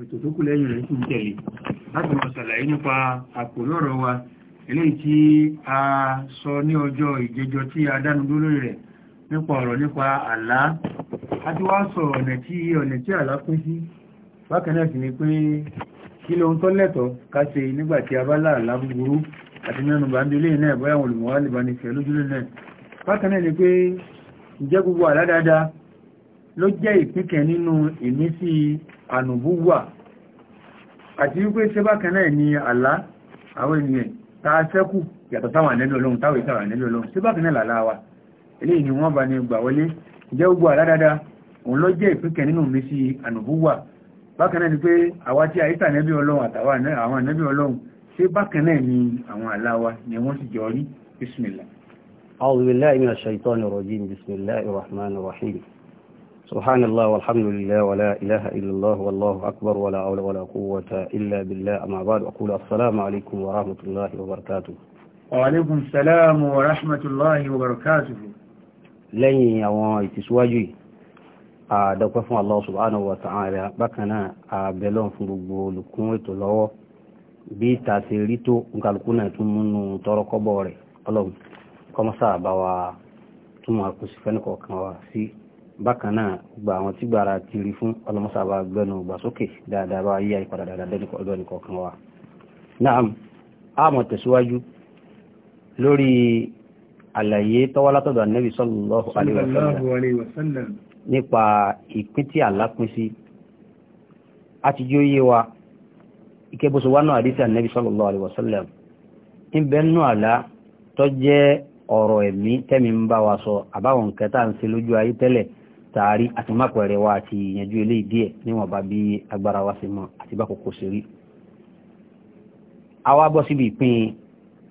ètò tó kù lẹ́yìn rẹ̀ sì ń tẹ̀lé láti mọ̀ ṣàlàyé nípa àpòlọ́rọ̀ wa eléyìí tí a sọ ní ọjọ́ ìjẹjọ tí a dánu dúró rẹ̀ nípa ọ̀rọ̀ nípa àlá a ti wá sọ ọ̀nà tí ọ̀nà tí àlá pín sí bákan náà sì ni pé kí ló ń tọ́ lẹ́tọ̀ọ́ ká ṣe nígbà tí a bá láàlá búburú àti mẹ́nu bá ń délé náà bóyá àwọn olùmọ̀wá lè bá ní fẹ́ lójúlé náà bákan náà ni pé ǹjẹ́ gbogbo àlá dáadáa ló jẹ́ ìpínkẹ̀ nínú ìmísí ànùbúwà àti wípé ṣe bákan náà ni àlá àwọn ènìyàn ta sẹ́kù yàtọ̀ táwọn ànẹ́lú ọlọ́run táwọn ìtàwọn ànẹ́lú ọlọ́run ṣe bákan náà làlá wa eléyìí ni wọ́n bá ní gbà wọlé jẹ́ gbogbo àlá òun ló jẹ́ ìpínkẹ̀ nínú mi sí ànùbúwà bákan ni pé àwa tí àyíká ànẹ́bí ọlọ́run àtàwọn ànẹ́bí ọlọ́run ṣe bákan ni àwọn àlá wa ni wọ́n sì jọ rí bísmìlá. أعوذ بالله من الشيطان الرجيم بسم الله الرحمن الرحيم سبحان الله والحمد لله ولا إله إلا الله والله أكبر ولا حول ولا قوة إلا بالله أما بعد أقول السلام عليكم ورحمة الله وبركاته وعليكم السلام ورحمة الله وبركاته lẹ́yìn àwọn ìtìsíwájú yìí àdọ́pẹ́ fún Allah subhanahu wa ta'ala bákan náà àbẹ̀lọ́n fún gbogbo olùkún ètò lọ́wọ́ bí ìta ti rí tó nkàlùkù náà tún múnú tọrọkọ́bọ̀ rẹ̀ ọlọ́run kọ́mọ́sá àbáwa túmọ̀ àkóso fẹ́nìkọ̀ọ̀kan wa sí bákan náà gba àwọn tí gbàrà kiri fún ọlọ́mọsàbà gbẹnu gbàsókè dáadáa bá yíya ìpadà dáadáa lẹ́nu kọ̀ọ̀kan wa naam a mọ̀ tẹ̀síwájú lórí àlàyé tọ́wọ́látọ̀dọ̀ ànẹ́bì sallallahu alaihi wasallam nípa ìpín tí àlápín sí a ti jí ó yé wa ìkẹbùsù alaihi wasallam níbẹ̀ nù àlá tó jẹ́ ọ̀rọ̀ ẹ̀mí tẹ́mi ń bá wa àbáwọn kẹta ń ṣe lójú ayé tẹ́lẹ̀ tààrí àti mápẹ̀rẹ̀ wa àti ìyànjú ilé díẹ̀ níwọ̀n bá bí agbára wa ṣe mọ́ àti bá kòkó ṣe rí a wá bọ́ síbi ìpín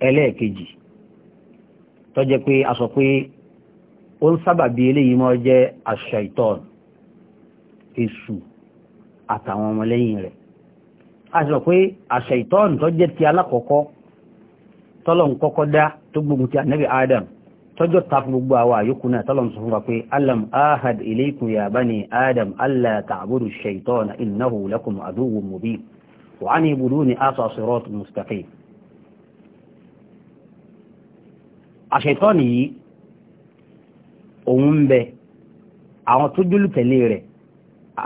ẹlẹ́ẹ̀kejì tó jẹ́ pé a sọ pé ó ń sábà bí eléyìí mọ́ jẹ́ aṣ-ṣaitan èṣù àtàwọn ọmọlẹ́yìn rẹ̀ a sọ pé aṣ-ṣaitan tó jẹ́ ti alákọ̀ọ́kọ́ tọ́lọ̀ kọ́kọ́ dá tó gbógun ti ànábì Adam tọ́jọ́ ta fún gbogbo àwọn àyókù náà tọ́lọ̀ sọ fún wa pé alam ahad ilaykum ya bani adam alla ta'budu shaytana innahu lakum aduwwun mubin wa an ibuduni asa sirat mustaqim àṣetọ́nì yìí òun ń bẹ àwọn tó jólù tẹ̀lé rẹ̀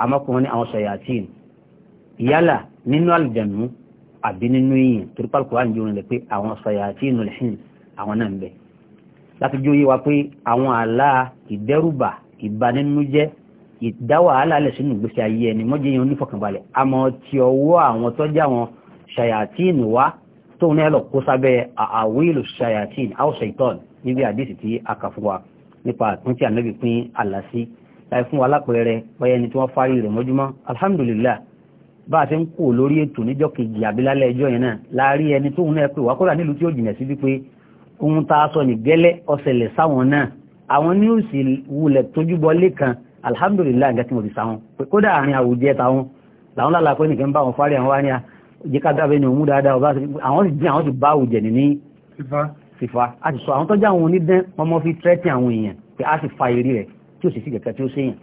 àmọ́kùnrin ní àwọn ṣayatin yálà nínú àlùjànnú àbí nínú yìnyín torípàlùkù wà ní yorùn pé àwọn ṣayatinul hins àwọn náà ń bẹ láti jó yíwa pé àwọn àlá ìdẹ́rùbà ìbanínújẹ́ ìdá wàhálà lẹ̀ sínú ìgbésí ayé ẹni mọ́jẹ́ yẹn onífọ̀kànbalẹ̀ àmọ́ ti ọwọ́ àwọn tọ́jú àwọn ṣàyàtíìn wá tó ní ẹlọ kó sábẹ́ àwílù ṣàyàtíìn àwòṣà ìtọ́n níbi àdísì tí a kà fún wa nípa àtún ànábì pín àlá láì fún wa lápẹẹrẹ báyẹn ni tí wọ́n fárí rẹ̀ mọ́júmọ́ alhamdulillah bá a ti ń kú lórí ètò níjọ́ kejì àbílálẹ̀ ẹjọ́ yẹn náà láàrí ẹni tóun náà pè wá kódà nílùú tí ó jìnà sí wípé ohun tá a sọ ní gẹ́lẹ́ ọ̀sẹ̀lẹ̀ sáwọn náà àwọn ní ò sì wulẹ̀ tójúbọ lẹ́kan alhamdulillah nǹkan tí mo fi sáwọn kódà àárín àwùjẹ táwọn làwọn lálà pé nìkan bá wọn fárí àwọn wá ní àjẹ ká dábẹ́ ní òun dáadáa ọba àwọn sì dín àwọn sì bá àwùjẹ ní fífa a sì sọ àwọn tọ́jú àwọn onídán wọn mọ́ fi tẹ́tí àwọn èèyàn pé a sì fa eré rẹ̀ tí ò sì sí kẹ̀kẹ́ tí ó séyàn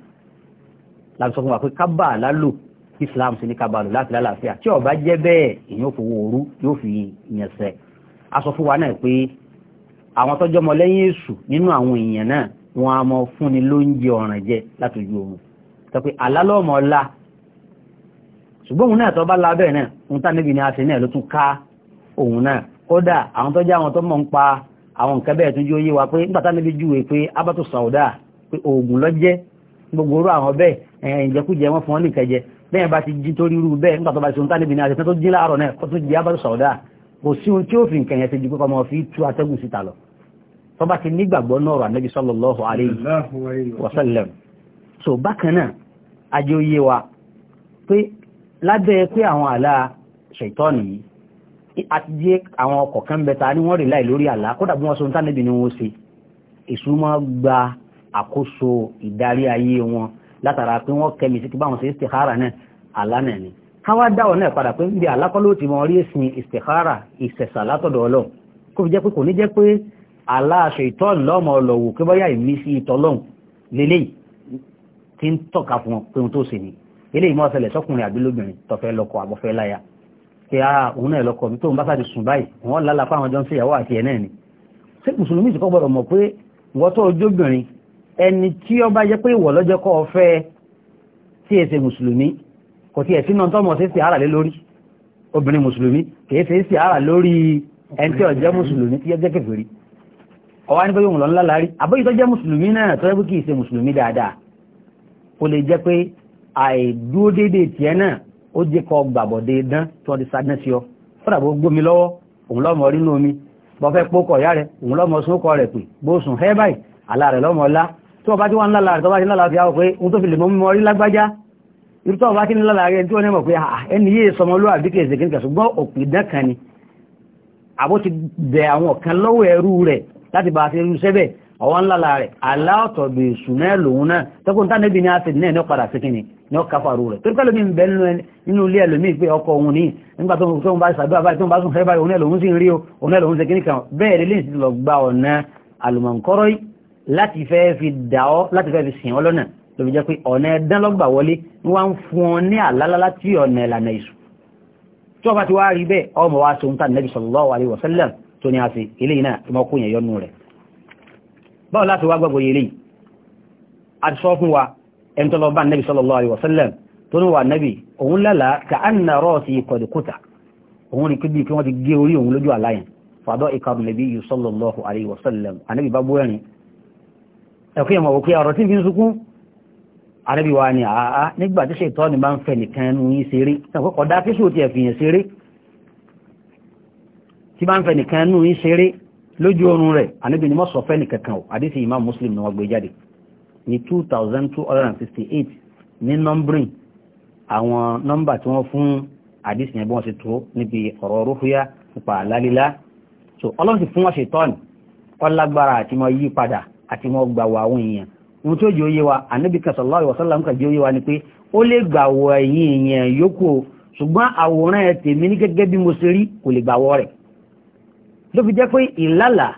láti sọ fún wa pé kábà lálò islam sí ní kábàlù láti lálàáfíà tí ó bá jẹ́ bẹ́ẹ̀ èèyàn fowó òru yóò fi yẹn sẹ́ a sọ fún wa náà pé àwọn tọ́jọ́ mọ lẹ́yìn èṣù nínú àwọn èèyàn náà wọ́n á mọ fúnni lóúnjẹ ọ̀ràn jẹ látòjú oòrùn sọ pé àlálọ́mọ ọlá ṣùgbọ́n òun náà tọ́ bá lábẹ́ náà òun tá níbi ni a ṣe náà ló tún ká òun náà kódà àwọn tọ́jọ́ àwọn tó mọ̀ ń pa àwọn nǹkan bẹ́ẹ̀ tún jí ó yé wa pé nígbà tá níbi júwe pé abátò sàúdà pé oògùn lọ́jẹ́ gbogbo orú àwọn bẹ́ẹ̀ ìjẹkújẹ wọn fún wọn nìkẹjẹ bẹ́ẹ̀ bá ti jí torí irú bẹ́ẹ̀ nígbà tó bá ṣe òun níbi ni a ṣe tó jí láàárọ̀ náà ó tún jí abátò sàúdà kò sí ohun tí ó fi nǹkan yẹn ti di pípa ọmọ fi tú atẹ́gùn síta lọ tó bá ti nígbàgbọ́ náà nẹ́bí sallallahu alayhi so bákan náà ajé oyé wa pé lábẹ́ pé àwọn àlá ṣètọ́nì yìí àti jẹ́ àwọn ọkọ̀ kan bẹta ní wọ́n rí láì lórí àlá kódà bí wọ́n so ń tánẹ́bì ni wọ́n ṣe ìsúnmọ́ gba àkóso ìdarí ayé wọn látara pé wọ́n kẹ́mi sí kí báwọn ṣe istikhara náà àlá náà ni káwá dáwọ̀ náà padà pé ibi alákọ́lò ti mọ rí èsìn ìsìkára ìsẹ̀sà látọ̀dọ̀ ọlọ́run kó fi jẹ́ pé kò ní jẹ́ pé aláṣẹ ìtọ́ọ̀lù lọ́mọ ọlọ́wù kí bọ́yá ìmísí ìtọ́lọ́run lélẹ́yìí tí ń tọ́ka fún pé ohun tó ṣe ni eléyìí mọ́ ọ̀sẹ̀lẹ̀ sọ́kùnrin àbí lóbìnrin tọ́fẹ́ lọ́kọ àbọ̀fẹ́ láya pé a ah, òun náà lọ́kọ ni ṣé mùsùlùmí ti kọ́ gbọ́dọ̀ mọ̀ pé wọ́n tí kò tí ẹ̀ sínú tọ́mọ̀ sí sìárà lé lórí obìnrin mùsùlùmí kìí ṣe sìárà lórí ẹni tí ó jẹ́ mùsùlùmí tí jẹ́ kèfèrí ọwá ní pé yóò lọ ńlá lárí àbóyí tó jẹ́ mùsùlùmí náà tó yẹ kí ìṣe mùsùlùmí dáadáa ó lè jẹ́ pé àìdúró déédéé tiẹ̀ náà ó jẹ́ kọ gbàbọ̀dé dán tí wọ́n ti sadán sí ọ fọ́dà bó gbómi lọ́wọ́ òun lọ́mọ rí lómi bọ́ fẹ́ pókọ̀ yá rẹ̀ òun lọ́mọ sún irútọ́ ọba kí ní lọ́la rẹ̀ tí wọ́n ní mọ̀ pé ah, ẹni yé sọmọ ló àbí kèsè kí n kẹsù gbọ́ òpìdán kan ni àbó ti bẹ àwọn kan lọ́wọ́ ẹrú rẹ̀ láti bá a ti rú sẹ́bẹ̀ ọwọ́ ńlá la rẹ̀ aláọ̀tọ̀ bí sùnmọ́ ẹ̀ lòun náà tẹ́kùn tá níbi ní a ti ní ẹ̀ ní padà sí kìnnì ní ọkà faru rẹ̀ torí kálómi ń bẹ nínú ilé ẹlòmíì pé ọkọ láti fẹ́ fi dà láti fẹ́ fi sìn ọ́ ló fi jẹ́ pé ọ̀nà ẹ̀dán lọ́gbà wọlé wọ́n ń fún ọ ní àlálálá tí ọ̀nà ìlànà ìṣù tí ọba ti wá rí bẹ́ẹ̀ ọmọ wa ṣe ń tà nẹ́bí sallallahu alaihi wasallam tó ní a fi eléyìí náà tí wọ́n kó yẹn yọnu rẹ̀ báwo láti wá gbàgbọ́ eléyìí a ti sọ fún wa ẹni tó lọ bá nẹ́bí sallallahu alaihi wasallam tó ní wà nẹ́bí òun lálà ka anna ra'si qad quta òun rí bú ẹ̀rin ẹ̀kú yẹn mọ̀ òkú ọ̀rọ̀ tí ń fi ń sunkún àrẹ́bí wa ni àá nígbà tí ṣètọ́ ni bá ń fẹ́ nìkan ẹnu yín ṣeré ṣàkókò dá kí ṣòtì ẹ̀fìyàn ṣeré tí bá ń fẹ́ nìkan ẹnu yín ṣeré lójú oorun rẹ̀ àníbi ni mọ́sọ̀ fẹ́ nìkankan ò àdísì Imam Muslim ni wọ́n gbé jáde ní 2268 ní nọ́mbrin àwọn nọ́mbà tí wọ́n fún àdísì yẹn bí wọ́n ṣe tó níbi ọ̀rọ̀ rúfúyá nípa àlálílá so ọlọ́run ti fún wọn ṣètọ́ ni ọlágbára àti mọ yí padà àti mọ gbàwọ̀ àwọn èèyàn ohun tó jẹ́ òye wa ànábì sallallahu alaihi wasallam jẹ́ òye ni pé ó lè gbà wọ ẹ̀yìn èèyàn yòókù o ṣùgbọ́n àwòrán ẹ̀ tèmi ní gẹ́gẹ́ bí mo ṣe rí kò lè gbà wọ rẹ̀ ló fi jẹ́ pé ìlàlà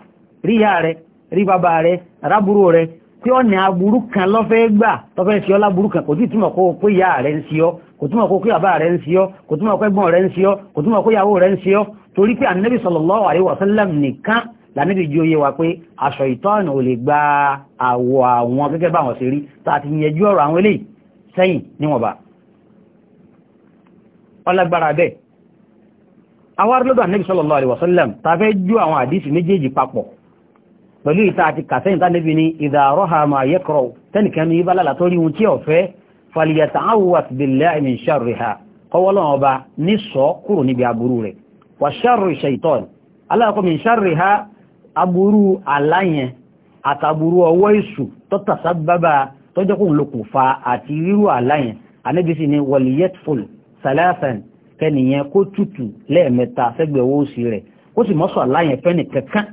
ríyà rẹ̀ rí bàbá rẹ̀ rábúrò rẹ̀ tí ó ní aburú kan lọ́fẹ́ gbà lọ́fẹ́ sí ọ láburú kan kò tí túmọ̀ kó pé ìyá rẹ̀ ń sí ọ kò túmọ̀ kó pé bàbá rẹ̀ ń sí ọ kò túmọ̀ kó ẹ̀gbọ́n rẹ̀ ń sí ọ kò túmọ̀ kó ìyàwó rẹ̀ ń sí ọ torí pé ànábì sallallahu alaihi nìkan lànàbì jí oyé wa pé aṣọ ìtọ́nù ò lè gba àwọ̀ àwọn gẹ́gẹ́ bá wọn ṣe rí tá a ti yẹjú ọ̀rọ̀ àwọn eléyìí sẹ́yìn níwọ̀nba ọlágbára bẹ́ẹ̀ awárí lọ́dọ̀ ànẹ́bì sallallahu alaihi wasallam ta fẹ́ jú àwọn àdísì méjèèjì papọ̀ pẹ̀lú ìta àti kàsẹ́yìn tánẹ́bì ni ìdàrọ́ha ma yẹ́kọ̀rọ̀ tẹ́nìkan ní ìbálàlà tó rí ohun aburú aláyẹn àtàburú ọwọ́ èṣù tọ́tàṣà bábà tọ́jọ́kùn ló kò fa àti ríru aláyẹn anábìsí ni wọlíyẹ́tful salasan kẹnìyẹn kó tutù lẹ́ẹ̀mẹ́ta fẹ́gbẹ̀ owó òsì rẹ̀ kó sì mọ́sọ̀ aláyẹn fẹ́ni kankan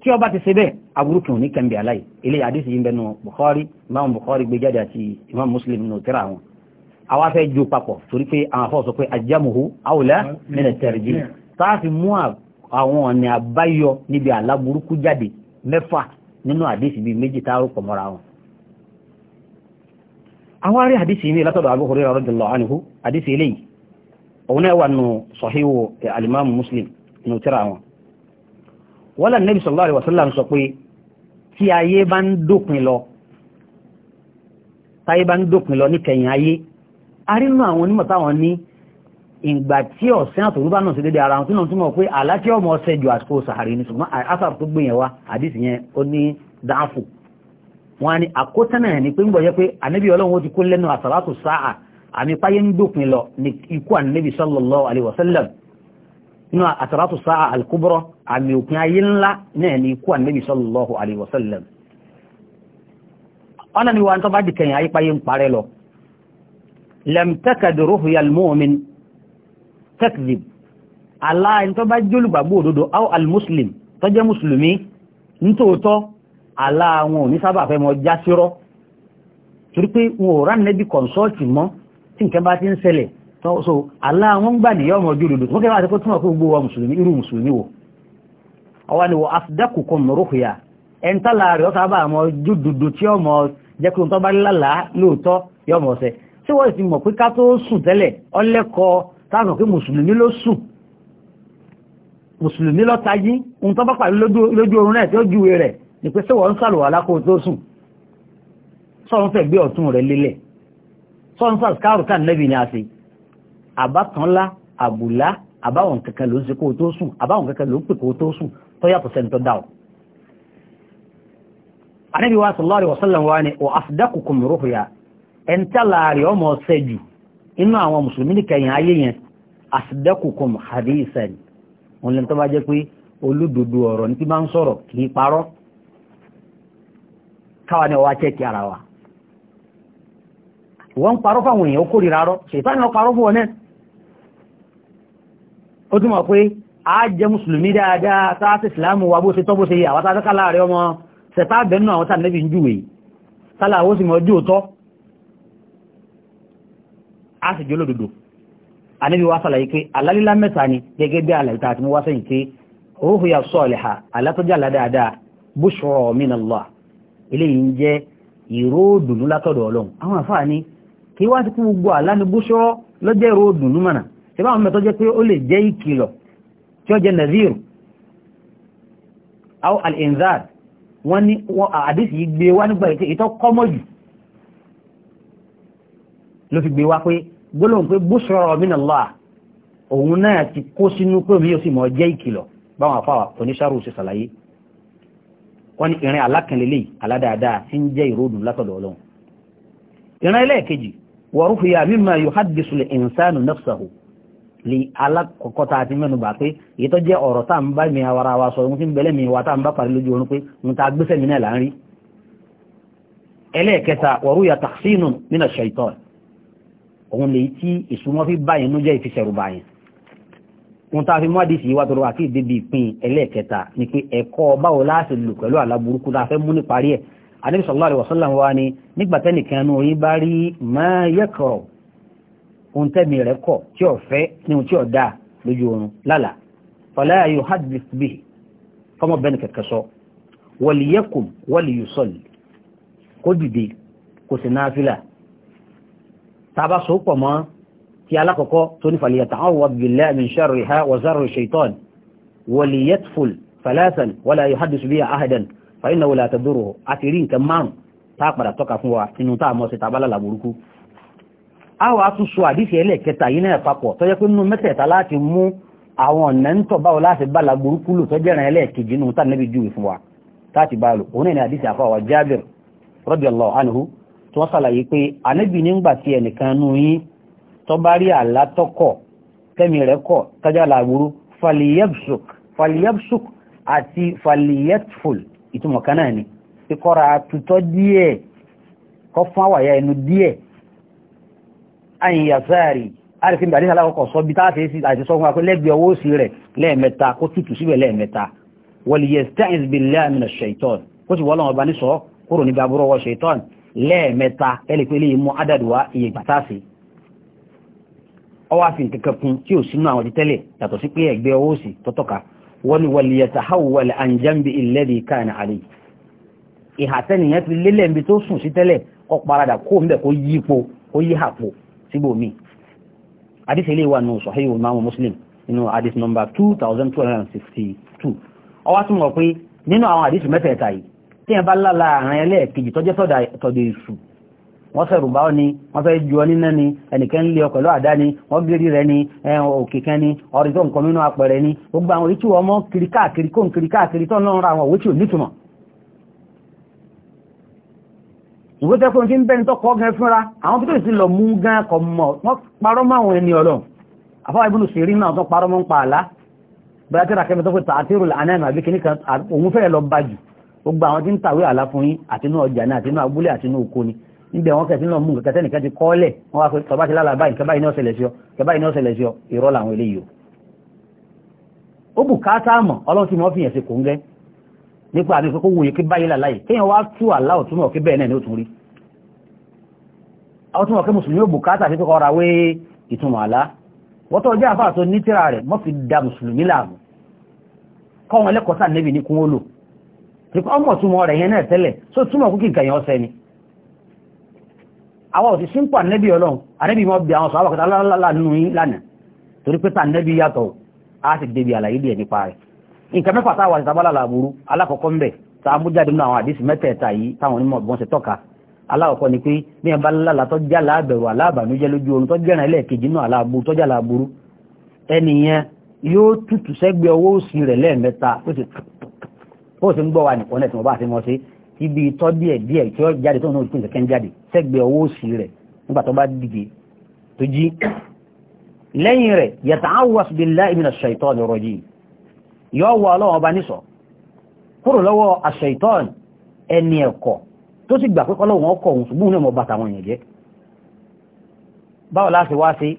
tí ó ti ṣe bẹ́ẹ̀ aburú kìí ní kẹ́mbì aláyẹ ilé àdìsí yìí ń bẹnu Bukhari imam Bukhari gbé jáde àti imam Muslim nù tẹ́ra àwọn àwa fẹ́ ju papọ̀ torí pé àwọn afọ́ sọ pé ajamuhu awla min at àwọn ọ̀nà àbáyọ níbi àláburúkú jáde mẹ́fà nínú àdísì bíi méjì táàrù pọ̀ mọ́ra wọn àwọn arí àdísì ní látọ̀dọ̀ Abu Hurairah radiyallahu anhu àdísì eléyìí òun náà wà nù Sahihu alimamu Muslim nù tíra wọn wọ́n lẹ́nu Nabi sallallahu alaihi wasallam sọ pé tí ayé ìgbà tí ọ̀sán àtòrú bá náà sí dédé ara wọn tí náà túnmọ̀ pé àlá tí ọmọ ọ̀sẹ̀ jù àsìkò sàárì ní ṣùgbọ́n asàrù tó gbìyàn wa àdìsí yẹn ó ní dáàfù wọn ni àkótánà ní pé ń gbọ́ yẹ pé ànábì ọlọ́run ó ti kún lẹ́nu àsàlátù sáà àmì páyé ń dópin lọ ní ikú ànábì sallallahu alaihi wasallam nínú àsàlátù sáà al-kubra àmì òpin ayé ńlá náà ní ikú ànábì sallallahu alaihi ọ̀nà ni wọn tó bá dìkẹyìn ayé páyé ń parẹ́ lọ lam yastakzib aláàyè tó bá jẹ́ olùgbàgbọ́ òdodo aw muslim tó jẹ́ mùsùlùmí nítòótọ́ aláàwọn ò ní sábà fẹ́ mọ já sírọ́ torí pé wọn ò rán nẹ́bí kọ̀nsọ́ọ̀tì mọ́ tí nǹkan bá ti ń ṣẹlẹ̀ so aláàwọn gbà nìyọ́ ọmọ ojú òdodo tó kẹ́ bá ti kó túnmọ̀ pé gbogbo wa mùsùlùmí irú mùsùlùmí wo ọwọ́ ni wọ afdakukum ruhya ẹ̀ntàlà rẹ̀ ọ́ta bá àmọ́ jùdùdù tí ọmọ jẹ́kùn tó bá lálàá lóòótọ́ yọmọ̀ ọ̀sẹ̀ tí wọ́n ti mọ̀ pé ká tó sùn tẹ́lẹ̀ ọlẹ́kọ̀ọ́ táàkàn pé mùsùlùmí ló sùn mùsùlùmí lọ tají ohun tó bá pàdé lójú oorun náà tí ó júwe rẹ̀ ni pé sẹ́wọ̀ ń sàlùwà lákòó tó sùn sọ́run fẹ́ gbé ọ̀tún rẹ̀ lélẹ̀ sọ́run fà káàrù ká nẹ́bì ni a ṣe àbátanlá àbùlá àbáwọn kankan ló ń ṣe kó tó sùn àbáwọn kankan ló ń pè kó tó sùn tó yàtọ̀ sẹ́ni tó dá o. anábìwá sallallahu alaihi wasallam wa ni ọ̀ àfidákùkùn rúhùyà ẹ̀ ń tẹ́lá rẹ̀ ọmọ ọ̀sẹ̀ jù inú àwọn mùsùlùmí nìkẹyìn ayé yẹn asdaqukum hadithan òun lẹ́nu tó bá jẹ́ pé olódodo ọ̀rọ̀ ní tí bá ń sọ̀rọ̀ kì í parọ́ káwa ni ọwá chẹ́kì ara wa wọ́n ń parọ́ fáwọn èèyàn ó kórìíra rọ́ ṣètàn náà parọ́ fún ọ náà ó túnmọ̀ pé a jẹ́ mùsùlùmí dáadáa sáàsì ìsìláàmù wa bó ṣe tọ́ bó ṣe yà wátá sákàlá rẹ ọmọ ṣẹ̀tà bẹ́ẹ̀ àwọn tàbí nẹ́bí ń júwèé sálà ó sì mọ̀ ọjọ́ òótọ́ á sì jẹ́ olódodo ànábi wa sàlàyé pé àlálílá mẹ́ta ni gẹ́gẹ́ bí àlàyé tá a ti mú wá sẹ́yìn pé òhùn yà sọ́ọ̀lẹ̀ha alátọ́jà ládáadáa bushra min Allah eléyìí ń jẹ́ ìróòdùnú látọ̀dọ̀ ọlọ́run àwọn àfáà ni kí wá ti kú gbogbo àlá ni bushra lọ́jẹ́ ìróòdùnú mọ̀nà tí báwọn mẹ́tọ́ jẹ́ pé ó lè jẹ́ ìkìlọ̀ tí ó jẹ́ nazir aw al wọ́n ní àdísì yìí gbé wá nígbà ìtọ́ kọ́mọ̀ ló fi gbé wá pé gbólóhùn pé bushra min Allah òun náà ti kó sínú pé mi yóò sì mọ̀ jẹ́ ìkìlọ̀ báwọn afáwà oníṣàrò ṣe ṣàlàyé wọ́n ní ìrìn alákànlélẹ̀ aládáadáa tí ń jẹ́ ìròdùn látọ̀dọ̀ ọlọ́run ìrìn ẹlẹ́ẹ̀kejì warufiya mimma yuhaddisu al-insanu nafsahu lè alákọ̀ọ́kọ́ tá a ti mẹ́nu bà pé èyí tó jẹ́ ọ̀rọ̀ tá à ń bá mi ara wa ẹlẹ́ẹ̀kẹta waruya tahsinun min ash-shaytan òun lè tí ìsúnmọ́ fi báyìí ló jẹ́ ìfisẹ̀rù báyìí wọn tá a fi mú àdìsí yìí wá tọrọ àti ìdíbi ìpín ẹlẹ́ẹ̀kẹta ni pé ẹ̀kọ́ báwo láti lò pẹ̀lú àlàburúkú tá fẹ́ mú ní parí ẹ̀ Ànábì sallallahu alaihi wa ni nígbà tẹ́nìkan ní oyin bá rí máa yẹ́kọ̀ọ́ ohun tẹ́mi rẹ̀ kọ̀ tí ò fẹ́ ní ohun tí ò dáa lójú oorun lálà fala yuhaddith bihi fọmọbẹ́ni tàbá so pọ̀ mọ́ ti alákọ̀ọ́kọ́ tó ní falyata'awwadh billahi min sharriha wa zarri shaytan waliyatful thalathan wala yuhaddithu biha ahadan fa innahu la tadurruhu àti rí nǹkan márùn tá padà tọ́ka fún wa nínú tá a mọ́ sí tabalala burúkú a wà tún so àdífẹ́ ẹlẹ́kẹta yìí náà papọ̀ tó jẹ́ pé nínú mẹ́tẹ̀ẹ̀ta láti mú àwọn ọ̀nà ń tọ̀ báwo láti bala burúkú lò tó tí wọ́n sàlàyé pé ànábì nígbà tí ẹnìkan nú yín tó bá rí àlá tọ́kọ̀ tẹ́mi rẹ̀ kọ̀ tájà làgbúrú faliyabsuk faliyabsuk àti faliyatful ìtumọ̀ kan náà ni kíkọ́ra tutọ́ díẹ̀ kọ́ fún àwàyà ẹnu díẹ̀ àyìnyàsáàrí àrífin bàdé alákọ̀ọ́kọ̀ sọ bí táàfẹ́ sí àti sọ fún akọ́ lẹ́gbẹ̀ẹ́ owó sí rẹ̀ lẹ́ẹ̀mẹ́ta kó tútù síbẹ̀ lẹ́ẹ̀mẹ́ta wọlìyẹ̀ lẹ́ẹ̀mẹ́ta ẹlẹ́pẹ́lẹ́ mú adàdùwá iye gbàtàsí ọwá fi nǹkan kún tí ò sínú àwọn títẹ́lẹ̀ yàtọ̀ sí pé ẹgbẹ́ ọwọ́ òsì tọ́tọ̀ka wọ́n ni wọ́n lè tahawwal an jambi alladhi hadith number 2262 ọwá tún pé nínú àwọn hadith mẹ́tẹ̀ẹ̀ta yìí tí ẹ bá lálà àrùn ẹlẹ́ẹ̀kejì tó jẹ́ tọ̀dọ̀ èṣù wọ́n fẹ́ rùbá ọ́ ni wọ́n fẹ́ ju ọ níná ni ẹnìkan lé ọ pẹ̀lú àdá ni wọ́n gírí rẹ ni òkè kan ni ọ̀rí tó nǹkan mínú apẹ̀rẹ̀ ni gbogbo àwọn ìtú ọmọ kiri káàkiri kó nkiri káàkiri tó náà ra àwọn òwe tí ò nítumọ̀ ìwé tẹ́ fún ti ń bẹ́ni tó kọ́ gan fúnra àwọn tó sì lọ mú gbogbo àwọn tí ń tàwé àlá fún yín àtinú ọjà náà àtinú abúlé àtinú oko ni níbẹ̀ wọn kẹsí náà mú nǹkan kẹsẹ́ nìkan ti kọ́ọ́lẹ̀ wọn wá pé tọba ti lálàá báyìí kẹbáyìí náà ṣẹlẹ̀ sí ọ kẹbáyìí náà ṣẹlẹ̀ sí ọ irọ́ làwọn eléyìí o. ó bù káàtà mọ̀ ọlọ́run tí mo fi yẹn ṣe kò ń gẹ́ nípa àmì kókó wòye kí báyìí làláyè kéèyàn wá tú àlá ọ̀tún kí bẹ́ẹ̀ náà ní ó bù káàtà sí torí ọmọ túmọ̀ rẹ̀ yẹn náà tẹ́lẹ̀ so túmọ̀ kúkì kẹyàn ọsẹ ni àwọn òsì símpọ̀ ànẹ́bí ọlọ́run ànẹ́bí mọ́ bí àwọn sọ àwọ̀kọta lánàánú lánàá torí pé tà ànẹ́bí yàtọ̀ a sì débi àlàyé díẹ̀ nípa rẹ̀ nǹkan mẹ́fà táwà sí tabalà làbúrú alákọ̀ọ́kọ́ ń a mú jáde nínú àwọn àdísì mẹ́tẹ̀ẹ̀ta yìí táwọn onímọ̀ bọ́n ṣe tọ́ka alákọ̀ọ́kọ́ ni pé bí ẹ bá lálà tó já láàbẹ̀rù aláàbànújẹ́ bó o ṣe ń gbọ́ wa nìkan ẹ̀sìn ọba àti wọn ibi ìtọ́ díẹ̀ díẹ̀ tí ó jáde tó ń náà ìpínlẹ̀ kẹ́ń jáde sẹ́gbẹ̀ ọwọ́ òsì rẹ̀ nígbà tó bá dìde tó jí lẹ́yìn rẹ̀ yata'awwas billahi minash shaitonir rajim yọ wọ ọlọ́wọ́ ọba níṣọ́ kúrò lọ́wọ́ aṣ ẹni ẹ̀kọ́ tó sì gbà pé kọ́lọ́wọ́ ọkọ̀ òun ṣùgbọ́n náà mọ̀ bàtà wọn yẹn jẹ́ báwo láti wá sí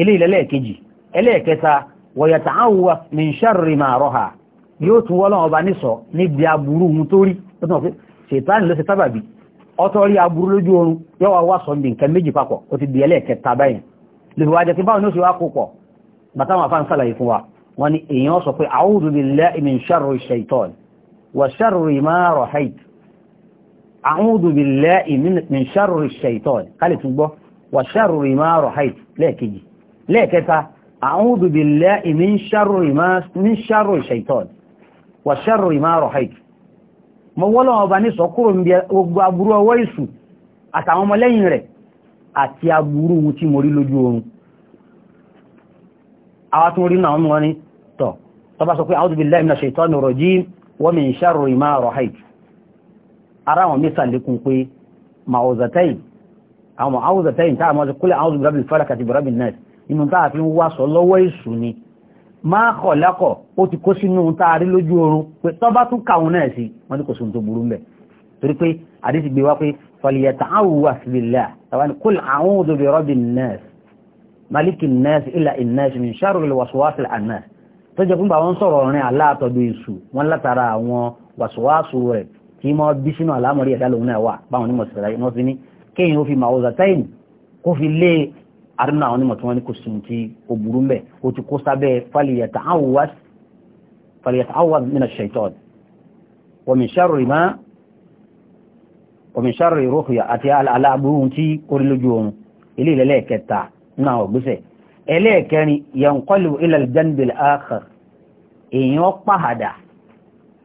ilé ìlẹ́lẹ́ẹ̀kejì ẹlẹ́ẹ̀kẹta wa yata'awwas min sharri ma raha yóò tún wọ́n lọ́wọ́ ọba nísọ níbi aburú ohun tó rí ó tún wọ́n pé ṣètánì ló ṣe sábàbí ọtọ́ rí aburú lójú oorun yọ́wọ́ wá sọ níbi nǹkan méjì papọ̀ ó ti di ẹlẹ́ẹ̀kẹta báyìí lè fi wá jẹ́ pé báwọn ní ó ṣe wá kó pọ̀ bàtà wọn afáàn sàlàyé fún wa wọn ni èèyàn sọ pé a'udhu billahi min wà ṣẹ́rù ìmáàrọ̀ haik mọ́ wọ́lọ́ ọba ní sọ́kúrò gbogbo aburú ọwọ́ ìsù àtàwọn ọmọlẹ́yìn rẹ̀ àti aburú ohun tí mo rí lójú oorun àwa tún rí náà wọn ní tọ̀ tó bá sọ pé a'udhu billahi minash shaitani rajim wa min sharri ìmáàrọ̀ haik ara wọn mẹ́ta lékún pé ma'uzatain àwọn ma'uzatain táà mọ́ sí kúlẹ̀ a'udhu bi rabbil falaq bi rabbin nas inú táà fi ń wá sọ lọ́wọ́ ni máa kọ̀ lákọ̀ ó ti kó sínú taari lójú oorun pé tọ́bá tún kàwọn náà sí wọ́n ní kò sóhun tó burú mẹ́ torí pé àdísì gbé wá pé fàlìyàtà àwùwà sílẹ̀ tàbá ní kúl àwọn òdòdó rọ́bì nẹ́ẹ̀sì maliki nẹ́ẹ̀sì ilà ìnẹ́ẹ̀sì ní sáró ilẹ̀ wàsùwàsì ànẹ́ẹ̀sì tó jẹ́ fún bá wọn sọ̀rọ̀ rìn aláàtọ̀dọ̀ èṣù wọn látara àwọn wàsùwàsù rẹ̀ tí mọ́ bí sínú àlámọ̀rí ẹ̀dá lòun náà wà báwọn onímọ̀ sí kéyìn ó fi màwùzàtẹ́yìn kó fi lé e àrínà àwọn onímọ̀ tí wọ́n ní kò sí ti ó burú mbẹ̀ ó ti kó sábẹ́ fàlìyàtà awwad min ash-shaytan wa min sharri ma wa min sharri ruhya àti aláàbúrú tí ó rí lójú oorun ilé ìlẹ́lẹ́ kẹta náà ọ̀gbẹ́sẹ̀ ẹlẹ́ẹ̀kẹrin yanqalu ila al-janb al-akhar èèyàn pàhàdà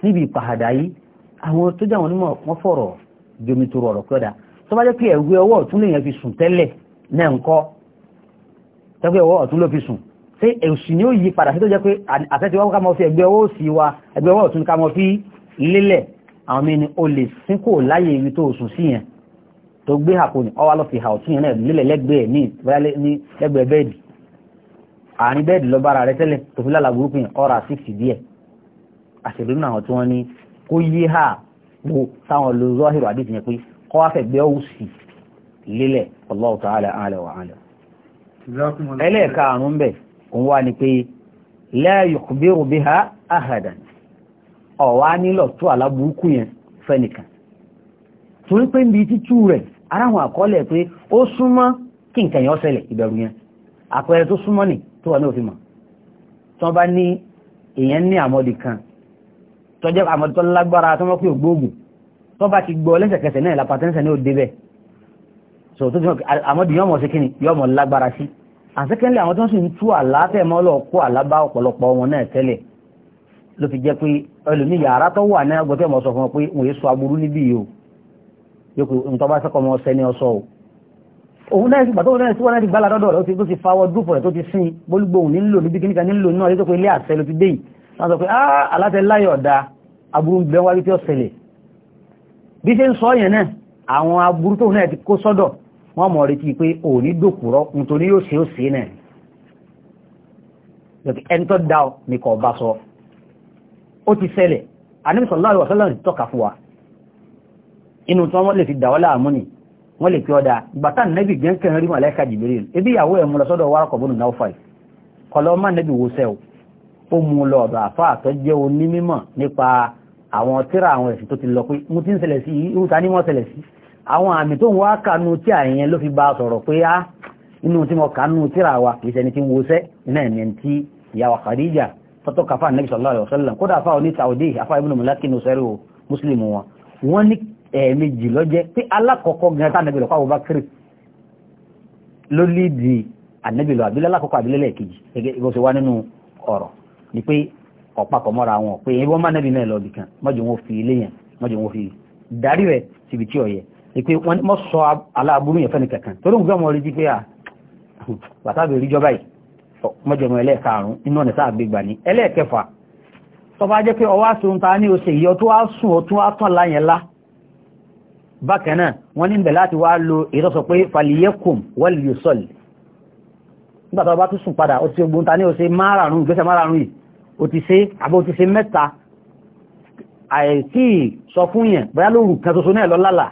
níbi pàhàdà yìí kọ́ tẹ́gbẹ́ ọwọ́ ọ̀tún ló fi sùn ṣé èsì ni ó yí padà sí tó jẹ́ pé àṣẹ tí wọ́n ká mọ́ fi ẹgbẹ́ ọwọ́ òsì wa ẹgbẹ́ ọwọ́ ọ̀tún ká mọ́ fi lélẹ̀ àwọn mi ni o lè sín kò láyè ibi tó sùn sí yẹn tó gbé àpò ní ọwọ́ lọ fi hà ọ̀tún yẹn náà lélẹ̀ lẹ́gbẹ̀ẹ́ ní lẹ́gbẹ̀ẹ́ bẹ́ẹ̀dì àárín bẹ́ẹ̀dì lọ bára rẹ tẹ́lẹ̀ tó fi lálàá burúkú yẹn ọ̀rà síkì díẹ̀ àṣèlú náà àwọn tí wọ́n ní kó yí hà wo táwọn lo zọ́hìrò àdìsí yẹn pé kọ́ wá fẹ̀ òsì lélẹ̀ Allahu ta'ala a'la wa a'lam ẹlẹ́ẹ̀ka àrùn bẹ̀ òun wá ni pé la yukhbiru biha ahadan ọ̀wá nílọ̀ tó aláburúkú yẹn fẹ́nìkan torí pé ń bi títú rẹ̀ aráhùn àkọọ́lẹ̀ pé ó súnmọ́ kí nǹkan yẹn ọ̀sẹ̀lẹ̀ ìbẹ̀rù yẹn àpẹẹrẹ tó súnmọ́ nì tó wà ní òfin mọ̀ tí wọ́n bá ní èèyàn ní àmọ́dì kan tọ́jẹ́ àmọ́dì tó lágbára tó mọ́ pé ògbóògùn tó bá ti gbọ́ lẹ́sẹ̀kẹsẹ̀ náà ìlàpàtẹ́sẹ̀ ní òde so tó fi hàn àmọ́dì yọ́mọ̀ sí kíni yọ́mọ̀ lágbára sí àsẹ́kẹ́lẹ̀ àwọn tó ń sì ń tú àlátẹ̀mọ́ lọ kó àlábá ọ̀pọ̀lọpọ̀ wọn náà tẹ́lẹ̀ ló fi jẹ́ pé ẹlòmí yàrá tó wà náà gbọ́tẹ̀ mọ̀ sọ fún wọn pé wọ́n yéé sọ aburú níbí yìí o yóò pé nǹkan bá sẹ́kọ̀ọ́ mọ́ sẹ́ni ọ̀sọ́ o òun náà ìgbà níbi yóò ah aláṣẹ láyọ̀ ọ̀dà aburú ń bẹ wáyé tí ó ṣẹlẹ̀ bí ṣe ń sọ yẹn náà àwọn aburú tó náà ti kó sọ́dọ̀ wọ́n mọ̀ retí pé ò ní dòkúrọ́ nítorí yóò ṣe ó ṣe náà lọ́pẹ́ ẹni dá ọ ní kọ̀ bá sọ ó ti ṣẹlẹ̀ Ànábì tọ́ka fún wa inú tí wọ́n lè fi dà wọ́n láàmú ni wọ́n lè pé ọ̀dà bàtà nẹ́bì gẹ́ǹkẹ́ ebi ìyàwó ẹ̀ mú lọ sọ́dọ̀ Warqa bun Nawfal kọlọ́ má nẹ́bì wo sẹ́ o ó mú lọ ọ̀dọ̀ àfa àtọ́ jẹ́ onímọ̀ nípa àwọn tíra àwọn ẹ̀sìn tó ti àwọn àmì tó ń wá kanú tí àyẹn ló fi bá sọ̀rọ̀ pé á ah, inú tí mo kanú tíra wa kìí ṣẹni tí ń wọṣẹ́ iná ẹ̀mí tí ìyàwó Khadija tọ́tọ́ kafa nẹ́bí sallallahu alaihi wasallam kódà fáwọn Saudi afá ibùdó mọ̀lákì ní sẹ́rù mùsùlùmù wọn wọ́n ní ẹ̀ẹ̀mejì lọ́jẹ́ pé alákọ̀ọ́kọ́ gan tá nẹ́bí lọ fáwọn Bakri ló lídi ànẹ́bí lọ àbílẹ̀ alákọ̀ọ́kọ́ àbílẹ̀ lẹ́ẹ̀kejì gẹ́gẹ́ bó ṣe wá nínú ọ̀rọ̀ ni pé ọ̀pápọ̀ mọ́ra wọn pé ẹbí wọ́n má nẹ́bí náà darí rẹ̀ síbi tí ọ̀yẹ́ ìpé wọ́n mọ́ sọ aláàbúrú yẹn fẹ́ni kankan torí nǹkan mọ̀ rí jí pé à ah, bàtàbí oríjọba yìí mọ́jọmọ́ ẹlẹ́ẹ̀karùn inú ọ̀nà sáà gbígbà ní ẹlẹ́ẹ̀kẹfà tó bá jẹ́ pé ọwá sun ta ní oṣè yìí ọtún wá sùn ọtún wá tán láyẹn lá bákan náà wọ́n ní bẹ̀ láti wá lo ìtọ́sọ pé fàlìyẹ́kùn wọ́lì yóò sọ̀lì nígbà tó bá tún sùn padà ó ti àìsí sọ fún yẹn bóyá lóru kan ṣoṣo náà lọ lálàá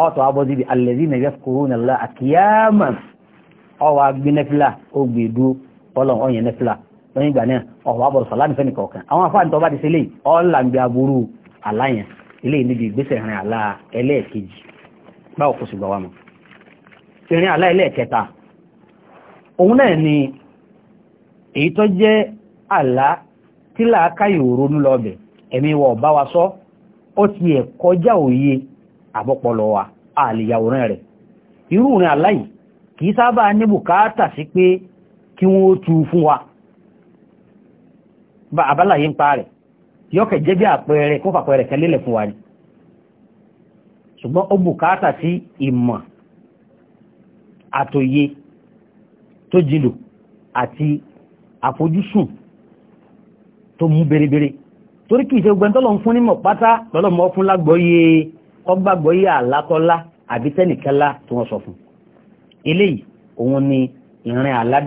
ọ̀tọ̀ abọ́díbi alẹ́dínà yẹ́kùrún Allah àkíyàmà ọwà gbínẹ́fìlà ogbèdú ọlọ́run ọ̀yẹ̀ nẹ́fìlà lọ́yìn ìgbà náà ọ̀wà bọ̀rọ̀ sàlámì fẹ́ nìkọ̀ọ̀kan àwọn afáàní tó bá ti sílé ọ̀là ń bí ilé níbi ìgbésẹ̀ ìrìn ala ẹlẹ́ẹ̀kejì báwo kò sì gbà ìrìn òun náà ni èyí tó tí làákàyè wa sọ ó ti kọjá òye àbọ́pọ̀lọ wa àlèyàwòrán rẹ̀ irú rìn aláì kì í sábà ní bùkátà sí pé kí wọ́n tú fún wa bá àbálàyé ń pa rẹ̀ yọ́kẹ̀ jẹ́ bí àpẹẹrẹ kó fàpẹẹrẹ kẹlélẹ̀ fún wa ni ṣùgbọ́n ó bùkátà sí ìmọ̀ àtòye tó jìlò àti àfojúsùn tó mú berebere torí kìí ṣe gbẹ́ntọ́lọ́ fún nímọ̀ pátá lọ́lọ́mọ́ fún lágbọ́yé kọ́ gbàgbọ́ yí àlátọ́lá àbí tẹ́nìkẹ́lá tí wọ́n sọ fún eléyìí òun ni ìrìn àlá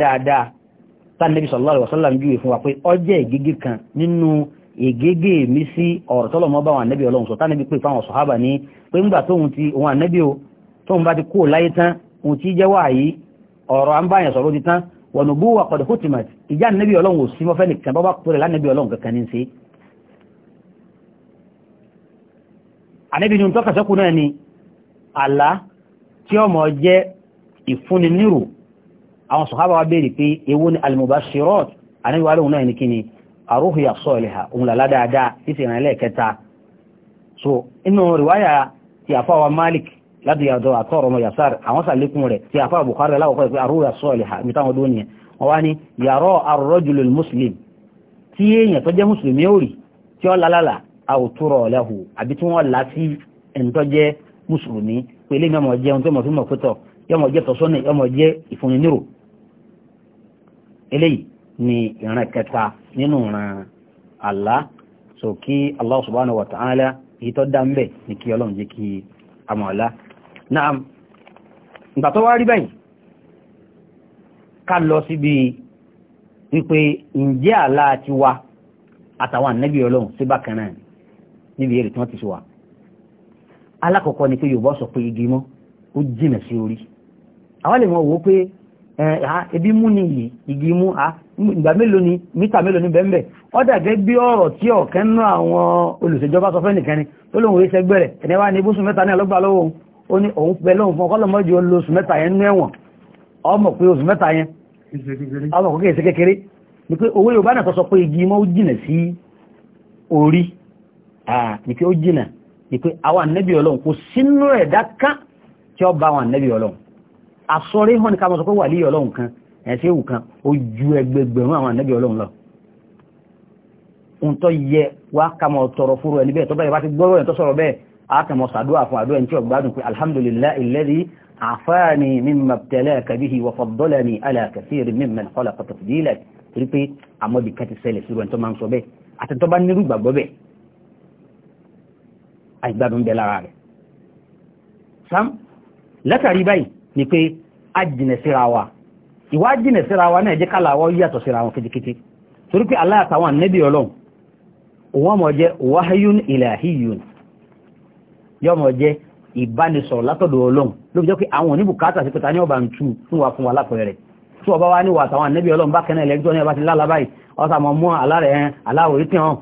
tánàbí sallallahu alaihi wasallam ń júwe fún wa pé ọjẹ́ ìgégé kan nínú ìgégé mi sí ọ̀rọ̀ tọ́lọ̀mọ́ bá wọn ànẹ́bí ọlọ́run sọ tánàbí pé fáwọn sọ̀hábà ní pé ńgbà tóun ti òun ànẹ́bí o tóun bá ti kú láyé tán òun ti jẹ́wọ́ àyí ọ̀rọ̀ à ń báyàn sọ̀rọ̀ ti tán wọ̀nùbú wa ìjà ànẹ́bí ọlọ́run ò sí mọ́fẹ́ nìkan bá bá pèrè lánàbí ọlọ́run kankan ní í ṣe àníbi ní tọ́ka sẹ́kù náà ni àlá tí ọmọ jẹ́ ìfúnni nírò àwọn sọ̀hábà wa béèrè pé èwo ni al-mubashirat àníbi wa lóhun náà ni kí ni àrùhìyà sọ́ọ̀lẹ̀hà òun làlá dáadáa tí sì rìn ẹlẹ́ẹ̀kẹta so inú rìwáyà ti àfáwa Malik láti yàtọ̀ àtọ́rọ̀ ọmọ yasar àwọn sàlékún rẹ̀ ti àfáà Bukhari aláwọ̀kọ́ ìpé àrùhìyà sọ́ọ̀lẹ̀hà mi táwọn dóníyà wọ́n wá èèyàn tó jẹ́ mùsùlùmí ó rí tí ó lalala àwòtúrọ̀ ọ̀lẹ́hù àbí tí wọ́n là sí ẹ̀ńtọ́ mùsùlùmí pé ọmọ ohun tó mọ̀ fún mọ̀ pẹ́tọ̀ yọmọ jẹ́ yọmọ jẹ́ ìfúnni nírò eléyìí ni ìran kẹta nínú ìran àlá so kí Allah subhanahu wa ta'ala èyí tó dá ń bẹ̀ ní kí ọlọ́run jẹ́ kí àmọ̀ náà ìgbà tó wá rí bẹ́yìn ká lọ síbi wípé ǹjẹ́ àlá ti wa níbi èrè tí wọ́n ti sọ wà alákọ̀ọ́kọ́ ni pé yorùbá sọ pé igi mọ́ ó jìnà sí orí àwọn lè mọ̀ wò ó pé ebi mú ni yìí igi mú ìgbà mélòó ni mítà mélòó ni bẹ́ẹ̀ ó dàgẹ́ bí ọ̀rọ̀ tí ọ̀kẹ́ nú àwọn olùṣèjọba sọ fẹ́ẹ́ nìkan ni tó lóun rí sẹ́gbẹ́ rẹ̀ ẹni wá ní ibùsùn mẹ́ta ní ọlọ́gbà lọ́wọ́ ni pé owó Yorùbá náà tó sọ orí ìpé ó jìnà ìpé àwọn ànẹ́bí ọlọ́run kò sínú ẹ̀dá kan tí ó bá àwọn ànẹ́bí ọlọ́run àsọrí hàn ní ká mọ́ sọ pé wà lé ọlọ́run kan ẹ̀sẹ̀ ìwù kan ó ju ẹgbẹgbẹ̀rún àwọn ànẹ́bí ọlọ́run lọ ntọ́ yẹ wá ká mọ́ tọrọ fúnra ẹni bẹ́ẹ̀ tó báyìí bá ti gbọ́rọ̀ ẹ̀ tó sọ̀rọ̀ bẹ́ẹ̀ á kà mọ́ sàdúrà fún bá nírú ìgbàgbọ́ bẹ́ẹ̀ àìgbádùn bẹ lára rẹ̀ sam látàrí báyìí ni pé a jìnà síra wa ìwà jìnà síra wa náà jẹ́ kálàwọ́ yàtọ̀ síra wọn kìtìkìtì torí pé Allah àtàwọn ànábì ọlọ́run òun ọmọ jẹ́ wahayun ilahiyun yọmọ jẹ́ ìbánisọ̀rọ̀ látọ̀dọ̀ ọlọ́run ló fi jẹ́ pé àwọn oníbùkátà sí pẹ̀tà ní ọba ń tú fún wa fún wa lápẹ̀rẹ̀ tí ọba wa ní wà àtàwọn ànábì ọlọ́run bá kẹ́nà ilẹ̀ ìjọ ní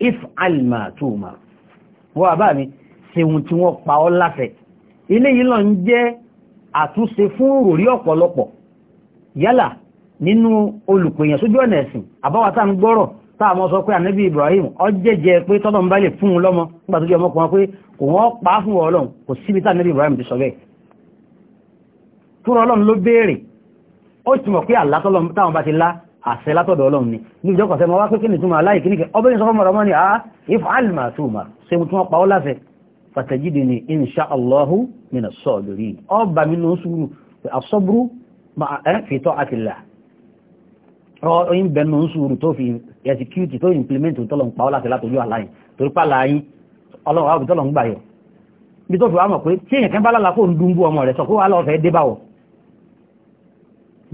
if alma tó ma wọ́n àbá mi ṣeun tí wọ́n pa ọ́ láfẹ́ ilé yìí lọ ń jẹ́ àtúnṣe fún òrí ọ̀pọ̀lọpọ̀ yálà nínú olùpèyàn sójú ọ̀nà ẹ̀sìn àbáwá tá ń gbọ́rọ̀ táà sọ pé ànábì Ibrahim ọ jẹ́jẹ́ pé tọ́lọ̀ ń bá lè fún un lọ́mọ nígbà tó jẹ́ ọmọkùnrin pé kò wọ́n pa á fún Ọlọ́run kò síbi tá ànábì Ibrahim ti sọ bẹ́ẹ̀ túrọ Ọlọ́run ló béèrè ó ti mọ̀ pé àlá tọ́lọ̀ táwọn bá ti lá àṣẹ látọ̀dọ̀ ọlọ́run ni ní ìjọ kọ̀ọ̀sẹ̀ máa wá pé kí ni túmọ̀ aláì kíníkẹ̀ ọbẹ̀ ní sọ́kọ́ mọ̀rọ̀ ní àá ah, if'al ma tu'mar ṣe mo tún pa ọ́ láṣẹ fatajidini insha Allahu mina as-sabirin ọba mi ló ń sùúrù as-sabru fi ta'atillah ọyìn bẹ̀rẹ̀ ló ń sùúrù tó fi execute tó implement tọ́lọ̀ ń pa ọ́ láṣẹ látọ̀jú aláì torí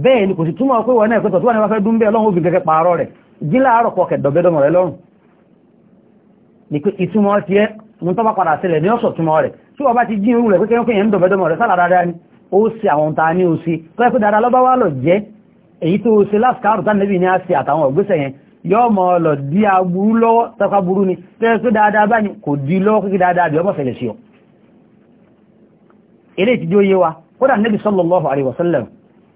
bẹ́ẹ̀ ni kò sí túmọ̀ pé wọ́n náà ìpẹ́tọ̀ tí wọ́n ni wọ́n fẹ́ dún bẹ́ẹ̀ ọlọ́run òfin kẹ́kẹ́ pààrọ̀ rẹ̀ jí láàárọ̀ pọ̀ kẹ̀dọ̀bẹ́dọ̀mọ̀ rẹ̀ lọ́rùn ni pé ìtumọ̀ ti ẹ́ mú tọ́ bá padà sílẹ̀ ní ọ̀sọ̀ túmọ̀ rẹ̀ tí wọ́n bá ti jín rẹ̀ pẹ́kẹ́ yẹn dọ̀bẹ́dọ̀mọ̀ rẹ̀ sára dáadáa ni ó sì àwọn ta ní ó sì tọ́ pé dáadáa lọ́bá wá lọ jẹ́ èyí kódà níbi sallallahu alaihi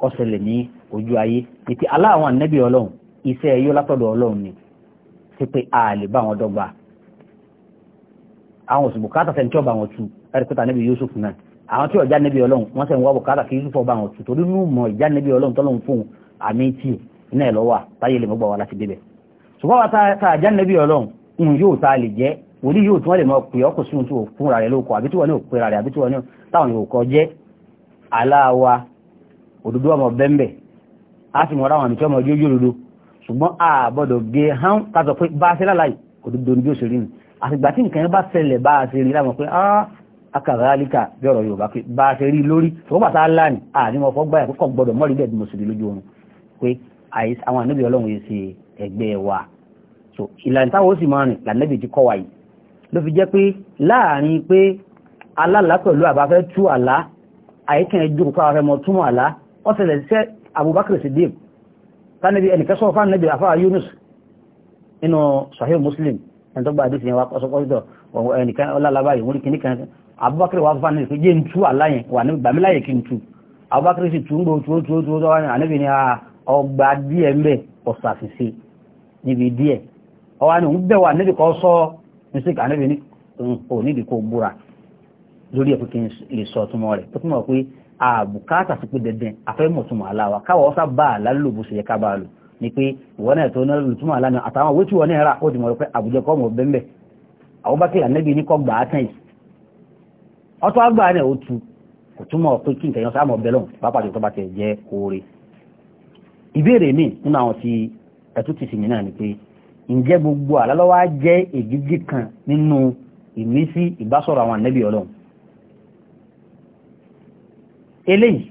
kọ́sẹ̀lẹ̀ ní ojú ayé ìpè aláwọn ànábì ọlọ́run iṣẹ́ ẹ̀yọ́ látọ̀dọ̀ ọlọ́run ni sí pé a lè bá wọn dọ́gba àwọn òsì bùkátà sẹ́ni tí ọba wọn tu ẹ̀rí pẹ́ta níbi Yusuf náà àwọn tí ọjà níbi ọlọ́run wọ́n sẹ́ni wá bùkátà kí Yusuf ọba wọn tu torí nù mọ̀ ìjà níbi ọlọ́run tọ́lọ́run fún àmì tí iná ẹ̀ lọ́wọ́ táyé lè mọ́gbà wá láti débẹ̀ ṣùgbọ́n wa ta àjà níbi ọlọ́run ń yóò ta lè jẹ́ wòlíì yóò tún wọ́n lè mọ pè ọ́ sí ohun tí fúnra rẹ̀ lóko àbí tí wọ́n ní òpera rẹ̀ àbí tí wọ́n ní táwọn yòókọ jẹ́ aláwa òdodo ọmọ bẹ́ńbẹ̀ á sì mọ̀ra àwọn àmì tí ọmọ ojú ojú òdodo ṣùgbọ́n àbọ̀dọ̀ gé hán kásọ̀ pé bá a ṣe láláì òdodo ní bí ó ṣe rí ni àtìgbà tí nǹkan bá ṣẹlẹ̀ bá a ṣe rí láwọn pé akàràlíkà bí ọ̀rọ̀ Yorùbá pé bá a ṣe rí lórí ṣùgbọ́n bàtà ni àní wọn fọ́ gbáyà púpọ̀ gbọ́dọ̀ mọ́rí bẹ́ẹ̀ bí mo sì rí lójú wa so ìlànà táwọn ó sì máa rìn lànàbì ti kọ́ wa yìí ló fi jẹ́ pé láàrin pé alálàá pẹ̀lú àbáfẹ́ tú àlá àyíkàn ẹjọ́ kó àwọn afẹ́mọ́ túmọ̀ àlá wọ́n ṣẹlẹ̀ sí Abubakar Siddiq tánàbí ẹnìkẹ́ sọ fún ànàbí àfáà Yunus nínú Sahih Muslim ẹni tó gba àdìsí yẹn wá pọ́sọ́pọ́sọ́ ẹnìkẹ́ ọlálàbá yìí wọ́n rí kìnnìkan Abubakar wà fún ànàbí pé jẹ́ ń tú àláyẹn wà ní bàmíláyè kí n tú Abubakar sì tú ń gbó tú tú tú tó wá ní ànàbí ni ọgbà díẹ̀ ń bẹ̀ ọ̀sàfìsì níbi díẹ̀ ọwá ni òun bẹ̀ wà níbi kan sọ mistake ànàbí ni òun ò níbi kó búra lórí ẹ̀kú kí n lè sọ ọtúmọ̀ rẹ̀ tó túmọ̀ pé àbùkátà sí pé dandan afẹ́mọ̀ túnmọ̀ aláwa káwọ̀ ọ́sá bá àlálò bó ṣe yẹ ká bá lò ní pé ìwọ náà tó náà lùtúmọ̀ aláàánú àtàwọn owó tí wọ́n náà rà ó ti mọ̀ pé àbújẹ kọ́ mọ̀ bẹ́ẹ̀ àwọn bákẹ́ ànẹ́bí ní kọ́ gbà á yìí ọtọ́ àgbà náà ó kò túmọ̀ pé kí nǹkan yẹn mọ̀ bẹ́ẹ̀ pápá tó bá tẹ̀ jẹ́ oore ìbéèrè míì nínú àwọn ti ẹ̀tún ti sìn náà ni pé ǹjẹ́ gbogbo àlálọ́wọ́ á jẹ́ ègígí kan nínú ìmísí ìbásọ̀rọ̀ àwọn ànẹ́bí ọlọ́run eléyìí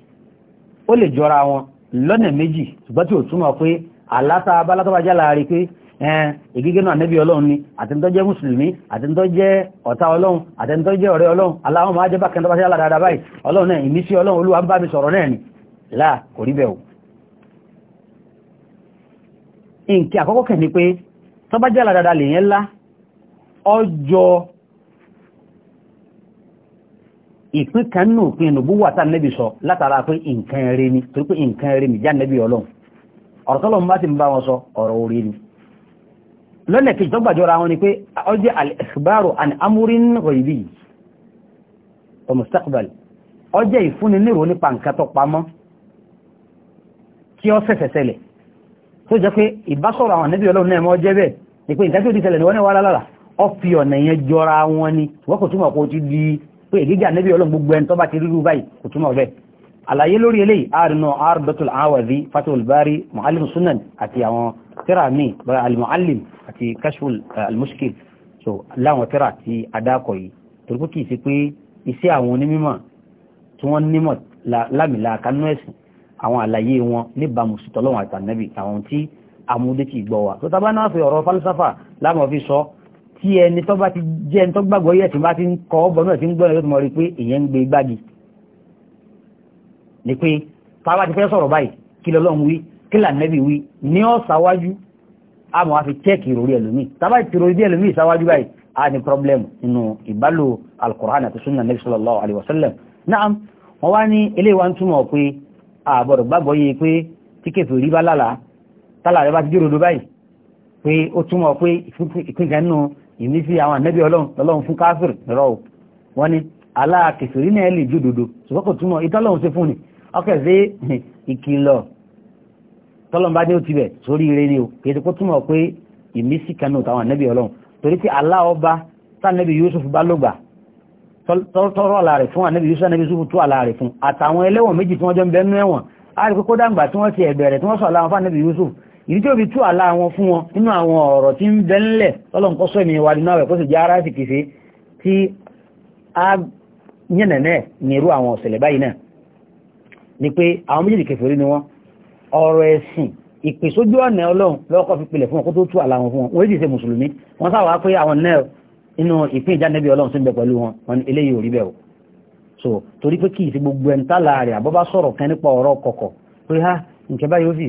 ó lè jọra wọn lọ́nà méjì ṣùgbọ́n tí ò túmọ̀ pé àlátà abálátọ́bájá láàrin pé ìgígé náà nẹ́bí ọlọ́run ni àtẹ́ntọ́ jẹ́ mùsùlùmí àtẹ́ntọ́ jẹ́ ọ̀tá ọlọ́run àtẹ́ntọ́ jẹ́ ọ̀rẹ́ ọlọ́run aláwọn máa jẹ́ bákan tọ́bájá ládàá báyìí ọlọ́run náà ìmísí ọlọ́run olúwa ìpín kan nù pín nù búwà tá nẹ́bì sọ látara pé nǹkan eré ni torí pé nǹkan eré ni já nẹ́bì ọlọ́run ọ̀rọ̀ tọ́lọ́run bá ti ń bá wọn sọ ọ̀rọ̀ orí ni lọ́nà kejì tó gbàjọra wọn ni pé ọjọ́ al-ikhbaru an amúrin ghaibi wa mustaqbal ọjọ́ ìfúnni nírò nípa nǹkan tó pamọ́ tí ó ṣẹ̀ṣẹ̀ ṣẹlẹ̀ tó jẹ́ pé ìbásọ̀rọ̀ àwọn nẹ́bí ọlọ́run náà mọ́ bẹ́ẹ̀ ni pé nǹkan tí ó ti ni wọ́n ní wà ọ fi ọ̀nà yẹn jọra wọn ni wọ́n kò túmọ̀ kó ti di pé ìdíjà níbi ọlọ́run gbogbo ẹni tó bá ti rírú báyìí kò túmọ̀ bẹ́ẹ̀ àlàyé lórí eléyìí àrùnà àrùbẹ́tul àwàdí fatul bari mu'allim sunan àti àwọn tíra míì bẹ́ẹ̀ alimu'allim àti kashful eh, almushkil so láwọn tíra ti adákọ̀ yìí torí pé kì í ṣe pé iṣẹ́ àwọn onímọ̀ tí wọ́n nímọ̀ lámìlà kanú ẹ̀sìn àwọn àlàyé wọn níbàámu sí tọ́lọ́wọ̀n àtànẹ́bì àwọn tí amúdé ti gbọ́ wa tó tabá ọ̀rọ̀ falsafa láwọn fi sọ tí ẹni tó bá ti jẹ́ ẹni tó gbàgbọ́ yẹ̀ tí bá ti ń kọ́ ọ́ bọ̀ náà ti ń gbọ́nà yóò ti mọ̀ rí pé èèyàn ń gbé gbági ni pé táwa ti fẹ́ sọ̀rọ̀ báyìí kí lọ́lọ́run wí kí lànẹ́bì wí ní ọ̀sáwájú àmọ́ a fi chẹ́ẹ̀kì ìròrí ẹlòmíì tábà ti ròrí ẹlòmíì sáwájú báyìí a ní problem nínú ìbálò alukur'an àti sunna nabi sallallahu alayhi wa sallam naam wọ́n wá ní ilé wa ń túmọ̀ pé àbọ̀rọ̀ gbàgbọ́ yìí pé tí kẹfẹ́ rí bá lálàá tálà rẹ bá ti dúró dó báyìí pé ó túmọ̀ pé ìpínkan nínú ìmísí àwọn ànábì ọlọ́run lọ́lọ́run fún káfíìrì rọ o wọ́n ní aláàkèsìrí náà lè ju dòdò ṣùgbọ́n kò túmọ̀ ìtọ́lọ́run ṣe fún ni ọkẹ̀ sí ìkìlọ̀ tọ́lọ́run bá ní ó tibẹ̀ sórí ire ni o kì í ṣe kó túmọ̀ pé ìmísí kan táwọn ànábì ọlọ́run torí pé aláwọ̀ bá Yusuf bá lògbà tọ́rọ̀ àlà rẹ̀ fún ànábì Yusuf ànábì Yusuf tó àlà rẹ̀ fún àtàwọn ẹlẹ́wọ̀n méjì tí wọ́n jọ ń bẹnu ẹ̀wọ̀n á rí pé kódà ńgbà tí wọ́n ti ẹ̀bẹ̀rẹ̀ tí wọ́n sọ àlà fún ànábì Yusuf ìdí tí ó fi tú àlá wọn fún wọn nínú àwọn ọ̀rọ̀ tí ń bẹ ńlẹ̀ tọ́lọ̀nkọ́sọ́ ìmì wà nínú àwẹ̀ kó sì jẹ́ ara sì kìí tí a yẹ̀nẹ̀nẹ̀ nírú àwọn ọ̀sẹ̀lẹ̀ báyìí náà ni pé àwọn méjèèjì kèfèrí ni wọ́n ọ̀rọ̀ ẹ̀sìn ìpèsójú ọ̀nà ọlọ́run lọ́kọ́ fi pilẹ̀ fún wọn kó tó tú àlá wọn fún wọn wọ́n sì ṣe mùsùlùmí wọ́n sáwà pé àwọn náà inú ìpín ìjánẹ́bí ọlọ́run sí ń bẹ pẹ̀lú wọn wọn eléyìí ò rí bẹ́ẹ̀ o so torí pé kì í ṣe gbogbo ẹ̀ńtálà rẹ̀ àbọ́bá sọ̀rọ̀ kan nípa ọ̀rọ̀ kọ̀kọ̀ pé ha nkẹ báyìí ó sì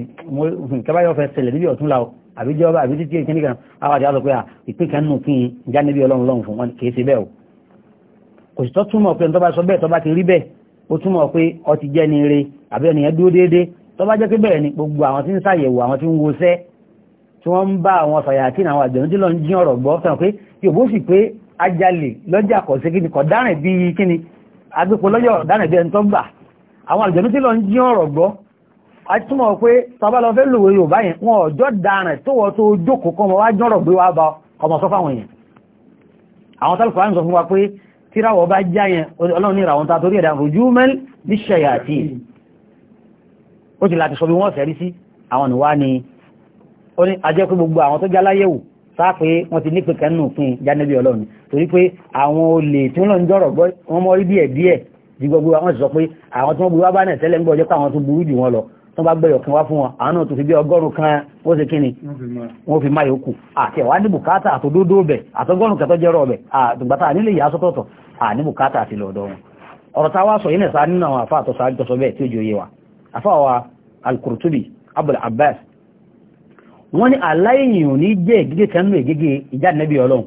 nkẹ báyìí ó fẹ́ ṣẹlẹ̀ níbi ọ̀tún la o àbí jọba àbí títí ẹ̀kẹ́ nìkan àwọn àti àlọ́ pé à ìpín kan nù kí n já níbi ọlọ́run lọ́run fún wọn kìí ṣe bẹ́ẹ̀ o kò sì tọ́ túmọ̀ pé tọ́ba sọ bẹ́ẹ̀ tọ́ba ti rí bẹ́ẹ̀ ó túmọ̀ pé ọ ti jẹ́ ni re àbí ẹnìyẹn dúró déédéé tọ́ba jẹ́ pé bẹ́ẹ̀ ni gbogbo àwọn tí ń ṣàyẹ̀wò àwọn tí ń wọṣẹ́ tí wọ́n ń bá àwọn sàyàtì àwọn àjọ̀nú tí lọ́n jí ọ̀rọ̀ gbọ́ fẹ́ràn pé yòbó sì pé ajalè lọ́jà kọ̀ sí kíni kọ̀ dárìn bíi kíni agbépo lọ́jà ọ̀dárìn bíi ẹni tó gbà àwọn àjọ̀nú tí lọ́n jí ọ̀rọ̀ gbọ́ a ti túnmọ̀ pé tọbálọ fẹ́ lòwé yóò báyìí wọn ọjọ́ dáàrẹ̀ tó wọ́n tó jókòó kọmọ wá jọ́rọ̀ gbé wá bá ọmọ sọ fáwọn èèyàn àwọn tálùkọ̀ àìsàn fún wa pé tíráwọ̀ bá já yẹn ọlọ́run ní ìràwọn ta torí ẹ̀dà rojú mẹ́l ní ṣẹ̀yà àti ó ti láti sọ bí wọ́n fẹ́rí sí àwọn ìwá ni ó ní ajẹ́ pé gbogbo àwọn tó já sáà pé wọ́n ti nípe kẹ́nu fún jánẹ́bí ọlọ́run torí pé àwọn olè tí wọ́n lọ ń jọ́rọ̀ gbọ́ wọ́n mọ́ rí díẹ̀ di gbogbo àwọn ti sọ pé àwọn tí wọ́n burú wá bá náà tẹ́lẹ̀ ń gbọ́ ọjọ́ pé àwọn tó burú jù wọn lọ n'ụba bá gbẹ̀yọ̀ kan wá fún wọn àánú tó fi bí ọgọ́rùn kan ó ṣe kíni wọ́n fi máa yòókù àti ẹ̀wà ní bùkátà àtòdódó bẹ̀ àtọ́gọ́rùn kẹtọ́ jẹ́rọ bẹ̀ àtùgbàtà nílé ìyá sọ́tọ̀tọ̀ àní bùkátà àti lọ́dọ̀ wọn ọ̀rọ̀ wá sọ yìí nínú àwọn àfáà tó sáré tọ́sọ bẹ́ẹ̀ tí ó wa àfáà wa Abul Abbas wọ́n ní aláìyìn ò ní jẹ́ ìgégé ìjà nẹ́bí ọlọ́run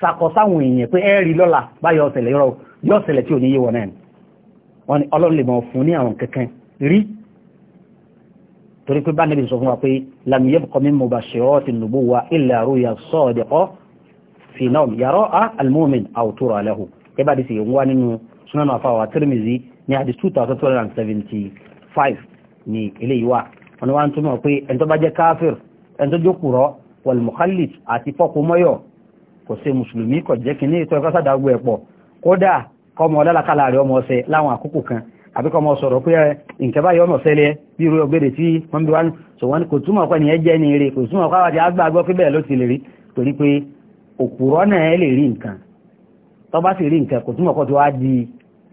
sàkọ sáwọn èèyàn pé ẹ rí lọ́la bá yọ ọ̀sẹ̀lẹ̀ yọrọ yọ ọ̀sẹ̀lẹ̀ tí ò ní yé wọn náà ni wọn ni ọlọ́run lè mọ̀ fún ní àwọn kankan rí torí pé bá níbi sọ fún wa pé lam yabqa min mubashirati nubuwa illa ruya sadiqa fi nawm yara al mọ̀ pé ẹni tó bá jẹ́ káfíìr ẹni tó kò ṣe mùsùlùmí kò jẹ́ kí ní ìtọ́ ẹ̀kọ́ sádà gbogbo ẹ̀pọ̀ kódà kọmọ ọlálàkàlà rẹ̀ ọmọ ọ̀sẹ̀ láwọn àkókò kan àbí kọmọ sọ̀rọ̀ pé nǹkan báyọ̀ ọmọ ṣẹlẹ̀ bí irú ọgbẹ́rẹ̀ tí wọ́n bí wá ní sọ wọ́n kò túmọ̀ pẹ́ nìyẹn jẹ́ ní eré kò túmọ̀ pé àwọn àgbà gbọ́ pé bẹ́ẹ̀ ló ti lè rí torí pé òpùrọ́ náà lè rí nǹkan tó bá sì rí nǹkan kò túmọ̀ pé tó wá di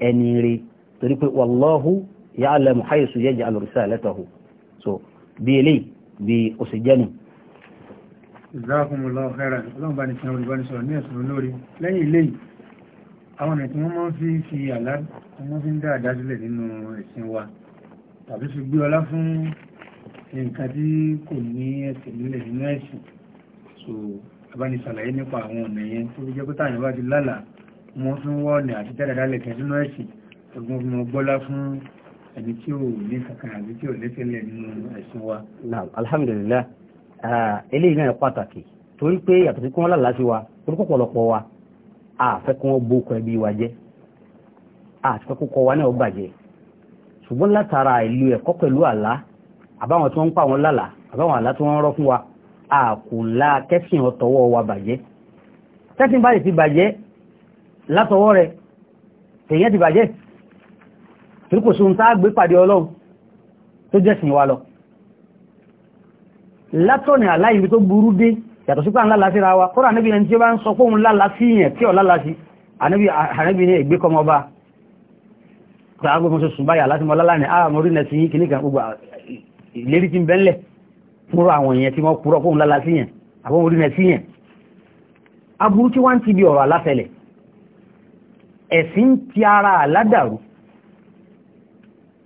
ẹni eré torí pé wallahu ya'lamu haythu yaj'alu risalatahu so bí eléyìí bí ó Jazakumullahu khairan ọlọ́mọba ní sinimá olùbánisọ̀rọ̀ ní ẹ̀sùn olórí lẹ́yìn eléyìí àwọn ọ̀nà tí wọ́n máa ń fi fi àlá wọ́n fi ń dá àdájúlẹ̀ nínú ẹ̀sìn wa tàbí fi gbé ọlá fún nǹkan tí kò ní ẹ̀sìn nílẹ̀ nínú ẹ̀sìn so abánisàlàyé nípa àwọn ọ̀nà yẹn tó fi jẹ́ pé táyà bá ti lálà wọ́n fi ń wọ́ ọ̀nà àti dáadáalẹ̀ ẹni tí ò ní kankan àbí tí ò lẹ́sẹ̀ lẹ̀ nínú ẹ̀sìn wa. alhamdulillah eléyìí náà pàtàkì torí pé yàtọ̀ sí kí wọ́n lálàá sí wa orúkọ pọ̀lọpọ̀ wa àfẹ́ kí wọ́n bókọ ẹbí wa jẹ́ àfẹ́ kókọ wa náà bàjẹ́ ṣùgbọ́n látara ìlú ẹ̀kọ́ pẹ̀lú àlá àbáwọn tí wọ́n ń pa wọn lálàá àbáwọn àlá tí wọ́n ń rọ́ fún wa àkùlá kẹ́sìn ọ̀tọ̀wọ́ wa bàjẹ́ kẹ́sìn bá ti bàjẹ́ látọwọ́ rẹ̀ tèèyàn ti bàjẹ́ torí kò sóhun tá a gbé pàdé ọlọ́run tó jẹ́sìn wa lọ látọ̀nì aláìbí tó burú dé yàtọ̀ sípá ńlá láti ra wa kọ́rọ̀ àníbi ẹni tí ó bá ń sọ pé òun lálá sí yẹn tí ọ̀lá láti àníbi ní ìgbé kọmọ bá gbàgbé mọ́sọ ṣùgbáyà láti mọ́ lálá ní àmọ́ ah, orí nẹ̀sí yìí kìíní kan gbogbo ìlérí ti ń bẹ́ńlẹ̀ fúnra àwọn èèyàn tí wọ́n purọ́ fóun lálá sí yẹn àbọ̀ orí nẹ̀sí yẹn aburú tí wọ́n ti bí ọ̀rọ̀ ẹ̀sìn ti ara aládàrú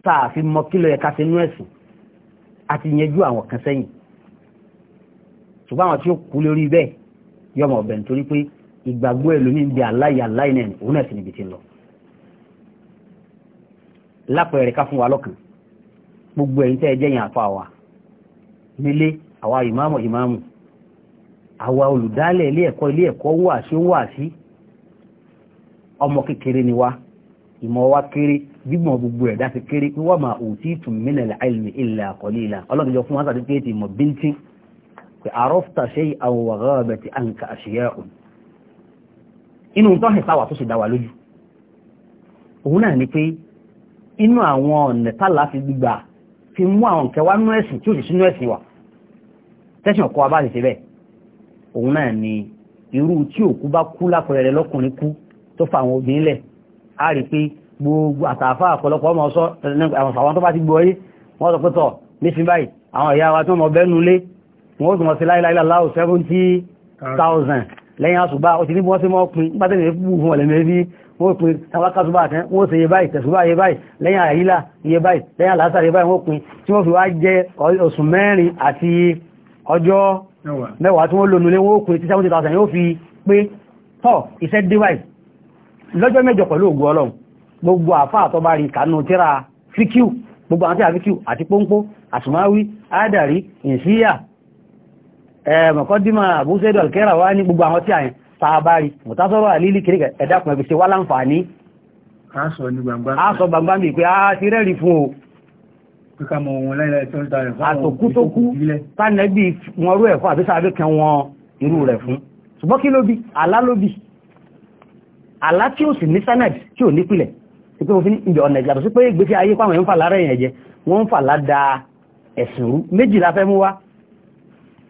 tá fi mọ kílọ̀ ẹ̀ka sínú ẹ̀sìn àti ìyẹjú àwọn kan sẹ́yìn ṣùgbọ́n àwọn tí ó kú lórí bẹ́ẹ̀ yọmọ ọ̀bẹ̀ nítorí pé ìgbàgbọ́ ẹlòmíín bí aláì aláì náà òun náà sì níbi ti lọ. lápẹẹrẹ ká fún wa lọ́kàn gbogbo ẹ̀yin tẹ́ ẹ jẹ́ yẹn àfa wa nílé àwa ìmáàmù ìmáàmù àwa olùdálẹ̀ ilé ẹ̀kọ́ ilé ẹ̀kọ́ wà sí wà sí ọmọ kékeré ni wa ìmọ̀ wa kéré gbígbọ̀n gbogbo ẹ̀dá ti kéré wọ́n máa òtítù mínà ilmi illa qalila ọlọ́dún jọ fún wa sàdúkẹ́ ti ìmọ̀ bíntín àrọ́fta ṣe àwọn wàgbàgbà ti a ń ka àṣíyà òun inú tó hẹ̀ sáwà tó ṣe dáwà lójú òun náà ni pé inú àwọn ọ̀nà tààlà fi gbígbà fi mú àwọn kẹwàá nú ẹ̀sìn tí ó sì sínú ẹ̀sìn wà tẹ́sàn kọ́ abá ṣe bẹ́ẹ̀ òun náà ni irú tí òkú bá kú lápẹẹrẹ lọ́kùnrin kú tó fa àwọn obìnrin lẹ̀ á rí pé gbogbo àtàfà ọ̀pọ̀lọpọ̀ ọmọ ọ̀sọ́ àwọn tó bá ti gbọ́ yé wọ́n sọ pé tọ̀ nísìnyí báyìí àwọn ìyá wa tó mọ bẹ́ẹ̀ nulé wọ́n tún mọ́ sí láìláìlá láò 70,000 lẹ́yìn àṣùgbà ó ti ní bọ́n sí mọ́ pin pátẹ́lẹ̀ fún fún ọ̀lẹ́mẹ́ bí wọ́n pin tàwákàṣùgbà tẹ́ wọ́n sì yẹ báyìí tẹ̀sùgbà yẹ báyìí lẹ́yìn àyílà yẹ báyìí lẹ́yìn àlásàrí báyìí wọ́n pin tí wọ́n fi wá jẹ oṣù mẹ́rin àti ọjọ́ mẹ́wàá tí wọ́n lò nílé wọ́n pin tí 70,000 yóò fi pé tọ́ iṣẹ́ déwàì lọ́jọ́ mẹ́jọ pẹ̀lú ògùn ọlọ́run gbogbo àfáà tó bá rí kánú tíra fíkíù gbogbo àwọn tíra fíkíù àti pọ́npọ́ àtùmáwí ádàrí ìsíyà mọ̀kọ́dímọ̀ àbúṣẹ́dù alkẹ́ra wá ní gbogbo àwọn tí àyìn tààbárí mọ̀tásọ́rọ̀ àlílì kìrìkẹ̀ ẹ̀dàkùn ẹgbẹ̀ṣẹ́ wá láǹfààní aṣọ gbangba mi pé a ti rẹ́rì fún o àtòkútókú tánẹ́bí wọn rú ẹ̀fọ́ àti sáàbí kan wọn irú rẹ̀ fún ṣùgbọ́n kí ló bí àlá ló bí àlá tí ó sì ní senate tí ò nípìlẹ̀ ìpé òfin ìjọ ọ̀nà ìjàdọ̀ sí pé ìgbésí ayé pàwọn èèyàn fà lára èèyàn jẹ wọ́n ń fà ládàá ẹ̀sìn rú méjìlá fẹ́ mú wá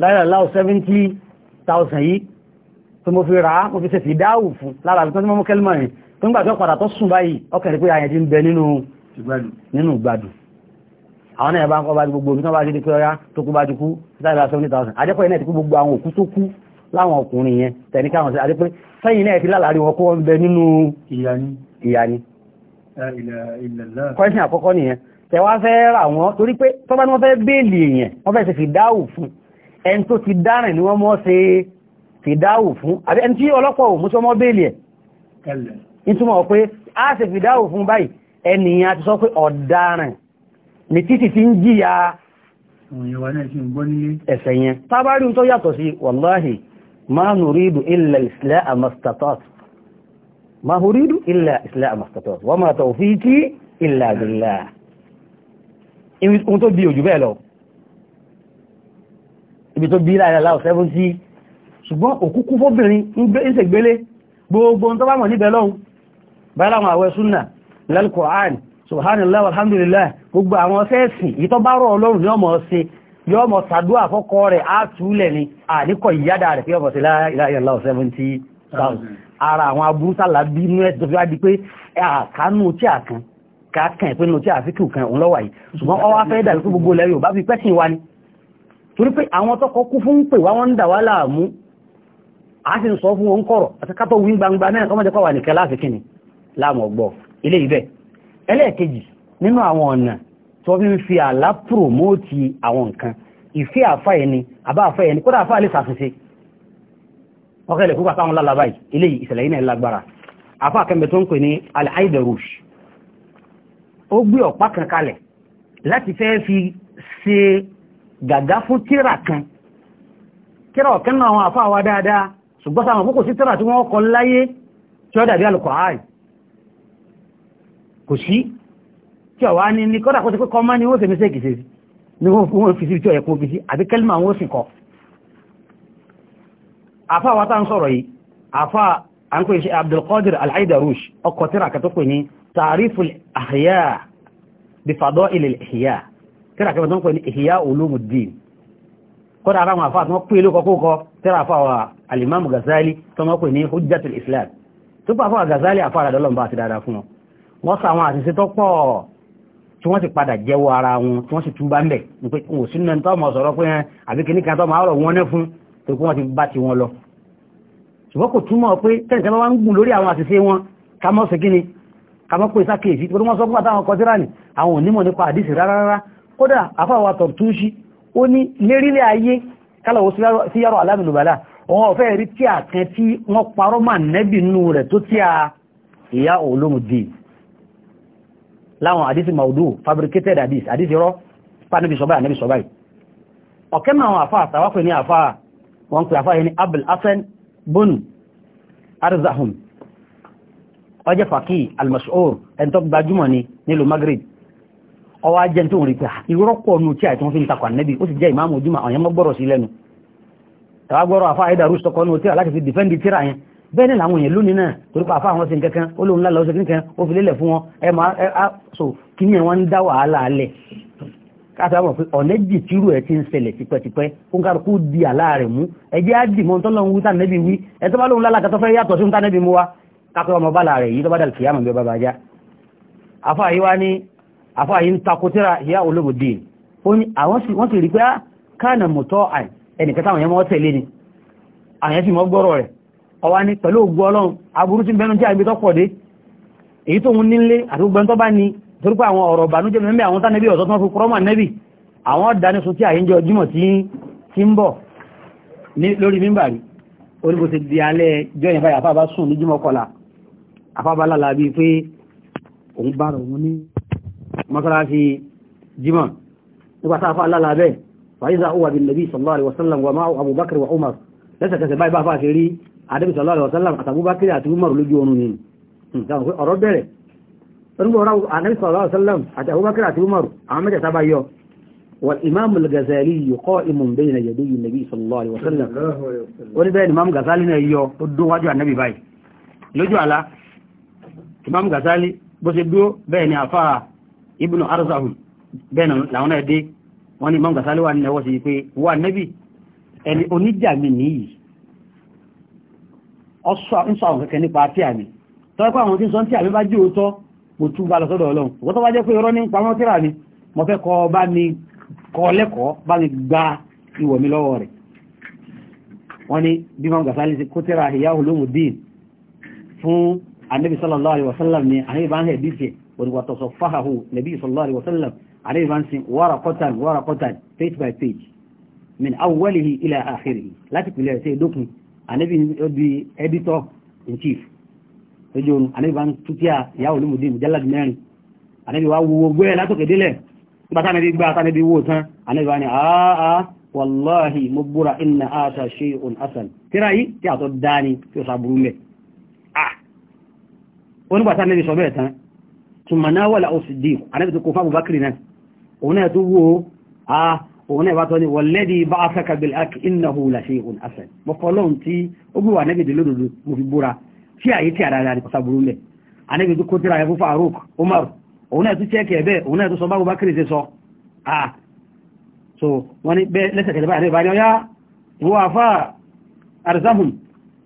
láyé aláwọ̀ 70,000 yìí tó mo fi rà á mo fi ṣe fìdáwù fún lára àbíkọ́ tí mo mú kẹ́lìmọ̀ rìn tó ń gbà tó padà tó sùn báyìí ọkẹ̀rẹ̀ pé ayẹ̀ ti ń bẹ nínú ìgbàdù àwọn náà bá ń kọ́ bá gbogbo omi tó bá jíde pé ọyá tó kú bá ti kú láyé 70,000 àjẹ́pọ̀ yìí náà ti kú gbogbo àwọn òkú tó kú láwọn ọkùnrin yẹn tẹ̀ní káwọn sí àjẹ́pẹ́ sẹ́yìn náà ti lálàárí wọn kó wọn bẹ nínú ìyá ni kọ́ṣìn àkọ́kọ́ nìyẹn tẹ̀wá fẹ́ rà wọ́n torí pé tọ́bá ni wọ́n ẹni tó ti dárìn ni wọ́n mọ́ ṣe fìdáwò fún àbí ẹni tí ọlọ́pọ̀ ò mú sọmọ́ bèèlì ẹ̀ ìtumọ̀ pé a ṣe fìdáwò fún báyìí ẹnìyàn ti sọ pé ọ̀daràn ní títì ti ń jìyà ẹ̀ṣẹ̀ yẹn tábárí tó yàtọ̀ sí wàláhì ma nùrídù illa islaha mastata'tu ma nùrídù illa ibi tó bí láàrẹ aláwọ̀ sẹ́fún sí ṣùgbọ́n òkúkú fóbìnrin ń ṣègbélé gbogbo tó bá mọ̀ níbẹ̀ lọ́hun báyìí láwọn àwẹ̀ súnà lálùkọ̀án subhanallah alhamdulillah gbogbo àwọn sẹ́ẹ̀sì yìí tó bá rọ̀ ọlọ́run ní ọmọ ni àníkọ̀ ìyádà rẹ̀ fi ọmọ sí láàrẹ aláwọ̀ ara àwọn aburúsàlá bí inú ẹ̀ tó fi wá di kan òun lọ́wà yìí ṣùgbọ́n ọwá fẹ́ torí pé àwọn tọ́kọ kú fún pè wá wọ́n ń dà wá láàmú a sì ń sọ fún wọn kọ̀rọ̀ àti kátọ̀ wí gbangba náà kọ́mọ̀jẹ́ pàwà nìkan láti kíni láàmú ọgbọ́ ilé ibẹ̀ ẹlẹ́ẹ̀kejì nínú àwọn ọ̀nà tí wọ́n fi ń fi àlá pòròmóòtì àwọn nǹkan ìfẹ́ àfá ẹni àbá àfá kódà àfá lè sàfisẹ́ ọkẹ́lẹ̀ púpà táwọn lálàbà ilé ìṣẹ̀lẹ̀ yìí lágbára àfá kẹ́mbẹ̀ tó ń pè ní al ó gbé ọ̀pá kan kalẹ̀ láti fẹ́ fi ṣe gàgá fún tíra kan tíra ọ̀kan náà àwọn àfáà wa dáadáa ṣùgbọ́n sáwọn kókò sí tíra tí wọ́n kọ láyé tí ó dàbí alùkọ̀áì kò sí tí ọ̀wá ní ní kọ́dà kó ti pé kọ́mọ́ ni wọ́n fi mẹ́sẹ̀ kìí ní wọ́n fi sí tí ọ̀yẹ̀kọ́ fi sí àbí kẹ́lìmà wọ́n sì kọ́ àfáà wa tá sọ̀rọ̀ yìí àfáà à ń Abdulkadir Al-Aidarush ọkọ̀ tíra kan pè ní Ta'riful Ahya bi Fadail al-Ihya tíra kẹfà tó ń pè ní Ihya Ulumuddin kódà ara àwọn àfáà tó wọ́n pè ló kọ́kọ́ kọ́ tíra alimamu gazali tó wọ́n pè ní Hujjatul Islam tó pà àfáà Ghazali àfáà àdọ́lọ́ bá ti dáadáa fún wọn wọ́n sọ àwọn àṣìṣe tó pọ̀ tí wọ́n sì padà jẹ́wọ́ ara wọn tí wọ́n sì túbá ń bẹ̀ ní pé kò sínú ẹni tó mọ̀ sọ̀rọ̀ pé àbí kìíní kan tó máa rọ̀ wọn fún tó kí wọ́n ti bá ti wọn lọ ṣùgbọ́n kò túmọ̀ pé tẹ́ǹtẹ́ bá wá ń gùn lórí àwọn àṣìṣe wọn ká mọ́ sí kíni pé sákèèsí tí wọ́n sọ fún àtàwọn kọtíra ni àwọn onímọ̀ nípa àdìsí rárá rárá kódà àfáwà tọ̀túnṣí ó ní lérílẹ̀ ayé kálàwó sí yàrá alámìlúbàlá wọn ọ̀fẹ́ rí tí àkẹ́ tí wọ́n parọ́ mà nẹ́bì nú rẹ̀ tó tí a ìyá olómùdí láwọn àdísì maudu fabricated àdís àdísì rọ́ pánibì sọ́báyì ànẹ́bì sọ́báyì ọ̀kẹ́ náà àwọn àfáà tàwápẹ̀ ní àfáà wọn pè àfáà yẹn ní abul hasan bun ni nílùú maghrib ọwọ́ ajẹ́ tó ń rí pé ìrọ́pọ̀ ah, nù tí àìtún fi ń takọ̀ ànẹ́bí ó sì jẹ́ ìmáàmù ojúmọ̀ àwọn ẹmọ gbọ́rọ̀ sí lẹ́nu tàwa gbọ́rọ̀ àfa àìdàrú sọkọ ní òtíra láti fi dìfẹ́ǹdì tíra yẹn bẹ́ẹ̀ ni làwọn èèyàn lónìí náà torí pé àwọn sin kankan ó lóun lálọ́ sin kankan ó fi lélẹ̀ fún wọn ẹ máa ẹ á so kí ni wọn ń dá wàhálà alẹ̀ káta mọ̀ pé ọ̀nẹ́jì tírú ẹ̀ ti ń ṣẹlẹ̀ tipẹ́tipẹ́ ó ń kárí kó di àlá rẹ̀ mú ẹjẹ́ á dì mọ́ ń tọ́lọ́ ń wí tánẹ́bí wí ẹ tó bá lóun lálàkà tó fẹ́ yàtọ̀ sí ń tánẹ́bí mú wa kápẹ́ ọmọ bá la rẹ̀ yìí tó bá dàlù kìyàmù bí ọba bàjá. àfa yìí wá ní àfáà yìí ń takotera ìyá olóbòdì ó ní àwọn sì rí pé ah, káànà mọ̀tọ́ àì ẹnìkẹta àwọn ẹmọ tẹ̀lé ni àwọn ẹ̀sìn mọ́ gbọ́rọ̀ rẹ̀ ọwá ní pẹ̀lú ògbó ọlọ́run aburú tí bẹnu jẹ́ àgbétọ́ pọ̀ dé èyí tó ń nílé àti gbẹ́ntọ́ bá ní torípé àwọn ọ̀rọ̀ ìbànújẹ́ mẹ́mẹ́ àwọn tánẹ́bí ọ̀sọ́ tó fi kúrọ́mà nẹ́bì àwọn ọ̀dánisun tí àyíjọ jímọ̀ tí ń bọ̀ lórí mímbàrí orígbò ti di alẹ́ jọyìn òun bá òun ní mọ́sálásí jimá nígbà tá a fa alála bẹ́ẹ̀ fàyíza ó wà bí nàbí sallallahu alaihi wasallam wa máa abubakar wa umar lẹ́sẹ̀kẹsẹ̀ báyìí bá fà ṣe rí adébí sallallahu alaihi wasallam àtàbúbakar àti umar lójú oorun ni ọ̀rọ̀ bẹ̀rẹ̀ nígbà ọ̀rọ̀ adébí sallallahu alaihi wasallam àti abubakar àti umar àwọn mẹ́tẹ̀ẹ̀ta bá yọ والإمام الغزالي قائم بين يدي النبي صلى الله عليه وسلم wọ́n bẹ́ẹ̀ imam Ghazali náà yọ tó dún wájú ànábì báyìí lójú àlá imam Ghazali bó ṣe dúó bẹ́ẹ̀ ni àfáà ibùnú arzahun bẹ́ẹ̀ náà làwọn náà dé wọ́n ní mọ́ǹgà sálẹ́wà ní ẹwọ́ sí pé wà nẹ́bì ẹni oníjà mi nìyí ọ̀sọ́ àwọn kẹ́kẹ́ nípa tí àmì tọ́pọ̀ àwọn tí ń sọ tí àmì bá jí òótọ́ mo tún bá lọ sọ́dọ̀ ọlọ́run wọ́n tó bá jẹ́ pé irọ́ ní pamọ́ tíra mi mo fẹ́ kọ bá mi kọ lẹ́kọ̀ọ́ fún anábì sallallahu alaihi wasallam ni àyè bá ń hẹ̀ dífẹ̀ẹ́ وتصفحه النبي صلى الله عليه وسلم عليه بانسين ورقة ورقة page by page من أوله إلى آخره لا تكمل سي دوكني النبي editor in chief ejon anabi ban tutia ya olumudin mujallad mẹ́rin anabi wa wo gbe la to kedele ngba ta nabi gba ta nabi wo tán anabi wa ni ah ah wallahi mubura inna ata shay'un asal tira yi ti ato dani ti o saburu ah oni gba ta nabi sọ bẹ́ẹ̀ tán tùmọ̀ náà wà láò sì dì ànábì tó kó fún abubakar náà òun náà tó wó a òun náà bá tọ́ ni walladhi ba'athaka bil haqq innahu la shay'un hasan mo fọlọ́run tí ó gbé wà ànábì dé lódodo mo fi búra tí àyè tí àdáadáa ni kò sábúrú lẹ̀ ànábì tó kó tíra ẹ̀ fún Faruk Umar òun náà tó tẹ́ẹ̀kẹ̀ bẹ́ẹ̀ òun náà tó sọ bá abubakar ṣe sọ a so wọ́n ní bẹ́ẹ̀ lẹ́sẹ̀kẹ̀lẹ́ báyìí báyìí ọ̀yá wọ́n àfà àrẹ́sáhùn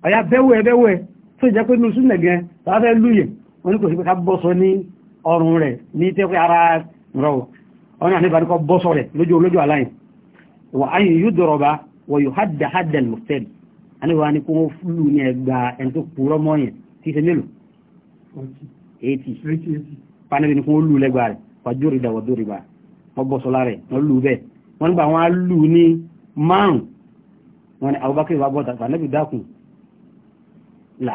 ọ̀yá bẹ́wẹ̀ bẹ́wẹ̀ tó jẹ́ pé nínú súnlẹ̀ gan tàbí lúyẹ̀ wọ́n ní kò sí pé ká bọ́ sọ ní ọrùn rẹ̀ ní tẹ́kẹ́ ara rọ̀ ọ̀nà àníbàríkọ́ bọ́sọ̀ rẹ̀ lójú olójú aláìn wà áyìn yóò dọ̀rọ̀bá wà yóò hádà hádà lọ́tẹ́lì aníwà ní kó fúlù ní ẹgbà ẹni tó kúrọ́ mọ́yìn tí ṣe mélòó 80 panabi ní kó lù lẹ́gbà rẹ̀ wà jórìdà wà dórìbà wọ́n bọ́sọ̀ lárẹ̀ wọ́n lù bẹ́ẹ̀ wọ́n gbà wọ́n lù ní márùn wọn ni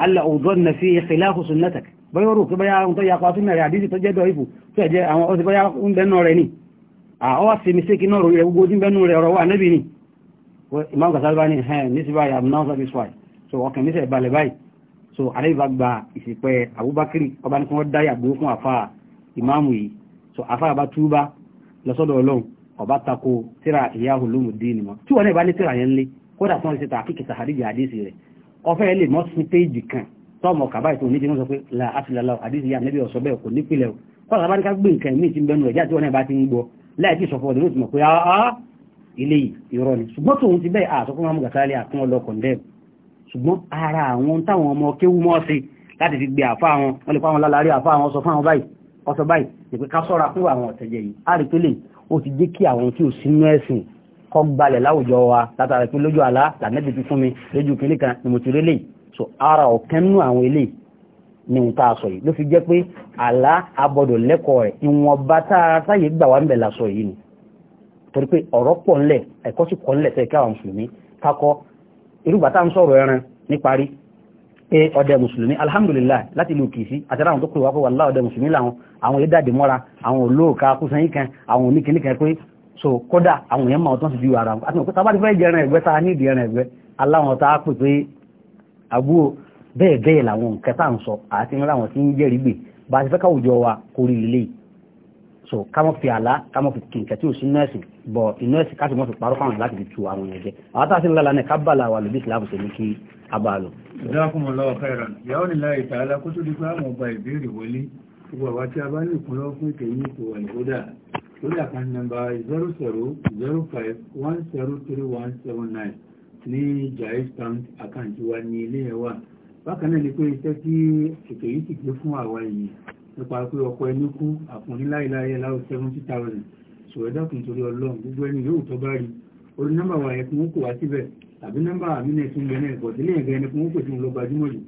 Abubakar fi khilafu sunnatak bóyá rò pé bóyá ohun tó yapa sínú rẹ̀ àdíjì tó jẹ́ dọ̀ ìfò tó ẹ̀jẹ̀ àwọn ọ̀sẹ̀ bóyá ń bẹ́nu rẹ̀ ni àwọ́ sí mi sékì náà rẹ̀ gbogbo ní bẹ́nu rẹ̀ ọ̀rọ̀ wà níbi ni Imam Ghazali bá ní ẹ̀hẹ́n ní sí báyìí I'm not satisfied so ọkàn mi sẹ̀ balẹ̀ báyìí so àdébà gba ìsìpẹ́ Abubakar ọba ní kí wọ́n dáyà gbó fún àfa ìmáàmù yìí so àfa àbá túbá lọ́sọ́dọ̀ Ọlọ́run ọba tako tíra ìyá olómùdé ni mọ́ tí wọ́n náà bá ní tíra yẹn lé kódà tí wọ́n ti ta àkíkì sàhárì àdéhìí rẹ̀ ọfẹ́ lè mọ́ sí péjì kan tọ́mọ̀ kàbá ìtò ní jẹun sọ pé la afilala àdìsí yà níbi ọ̀sọ́ bẹ́ẹ̀ kò nípìnlẹ̀ kọ́ làbá ní ká gbé nǹkan míì ti ń bẹnu ẹ̀já tí wọ́n náà bá ti ń gbọ́ láì tí sọ̀fọ̀ ọ̀dọ̀ mọ̀ pé áá ah, ah, ilé irọ́ ni ṣùgbọ́n tòun ti bẹ́ẹ̀ àsọ fún amúgàtálí àtún ọlọ́kàn dẹ́ ṣùgbọ́n ara àwọn táwọn ọmọ kéwú pa wọn lálárí àfa wọn sọ fún àwọn báyìí ọsọ báyìí ní pé ká sọ́ra fún àwọn ọ̀tẹ̀jẹ̀ yìí á rí tó lè ó ti jẹ́ kí àwọn tí ò sínú ẹ̀sìn kọ́ gbalẹ̀ láwùjọ wa látara pé lójú àlá lànẹ́bí ti fún mi lójú kìnìkan ni mo ti rélé yìí so ara ọ̀kan nínú àwọn ilé ni wọ́n tá a sọ yìí ló fi jẹ́ pé àlá abọ́dọ̀ lẹ́kọ̀ọ́ rẹ̀ ìwọ̀nba tá a sáyé gbà wá ń bẹ̀ lásọ yìí ni torí pé ọ̀rọ̀ pọ̀ ńlẹ̀ ẹ̀kọ́ sì pọ̀ ńlẹ̀ tẹ́ẹ̀kẹ́ àwọn mùsùlùmí kakọ irúgbà tá à ń sọ̀rọ̀ ẹran níparí pé ọdẹ mùsùlùmí alhamdulillah láti ìlú kìsí àtẹ́rẹ́ àwọn tó pè wá pé wàlá ọdẹ mùsùlùmí làwọn àwọn yẹn dàdé mọ́ra àwọn olóòka kúsanyín kan àwọn oníkìní kan pé so kódà àwọn yẹn máa tán sì ju ara wọn àti òkúta bá ti fẹ́ jẹran ẹ̀gbẹ́ ta ní ìdí ẹran ẹ̀gbẹ́ aláwọn tá a àbúrò bẹ́ẹ̀ bẹ́ẹ̀ làwọn nǹkan tá à ń sọ àti ńlá wọn tí ń jẹ́rìí gbè bá a ti fẹ́ káwùjọ wa kó rí ilé so ká mọ̀ fi àlá ká mọ̀ fi kí nǹkan tí ò sí nọ́ọ̀sì bọ̀ inú ẹ̀sìn ká sì mọ̀ fi parọ́ fáwọn láti fi tu àwọn ẹ̀jẹ̀ àwọn tá a sì ń lára náà ká bàlá wa zero zero zero five one zero three one seven nine ní Jaiz Bank àkáǹtì wa ní ilé ẹ̀ wà bákan náà ni pé iṣẹ́ tí ètò yìí sì gbé fún àwa yìí nípa pé ọkọ ẹni kú àkùnrin láìláyé láwọ seventy thousand ṣòwò ẹ̀dá kùn torí ọlọ́run gbogbo ẹni yóò tọ́ bá rí orí nọ́mbà wa ẹ̀kún ó kò wá síbẹ̀ tàbí nọ́mbà àmínà ẹ̀sùn lẹ́ náà ẹ̀kọ́ sílé ẹ̀gá ẹni fún ó pè fún lọ yìí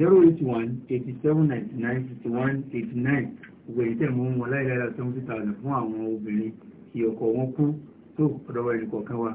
zero eight one eighty seven ninety nine fifty one eighty nine gbogbo èyí tẹ̀ mọ́ wọn láìláyé láwọ seventy thousand fún àwọn obìnrin kí ọkọ wọn kú tó ọ̀dọ́wọ́ ẹnì kọ̀ọ̀kan wa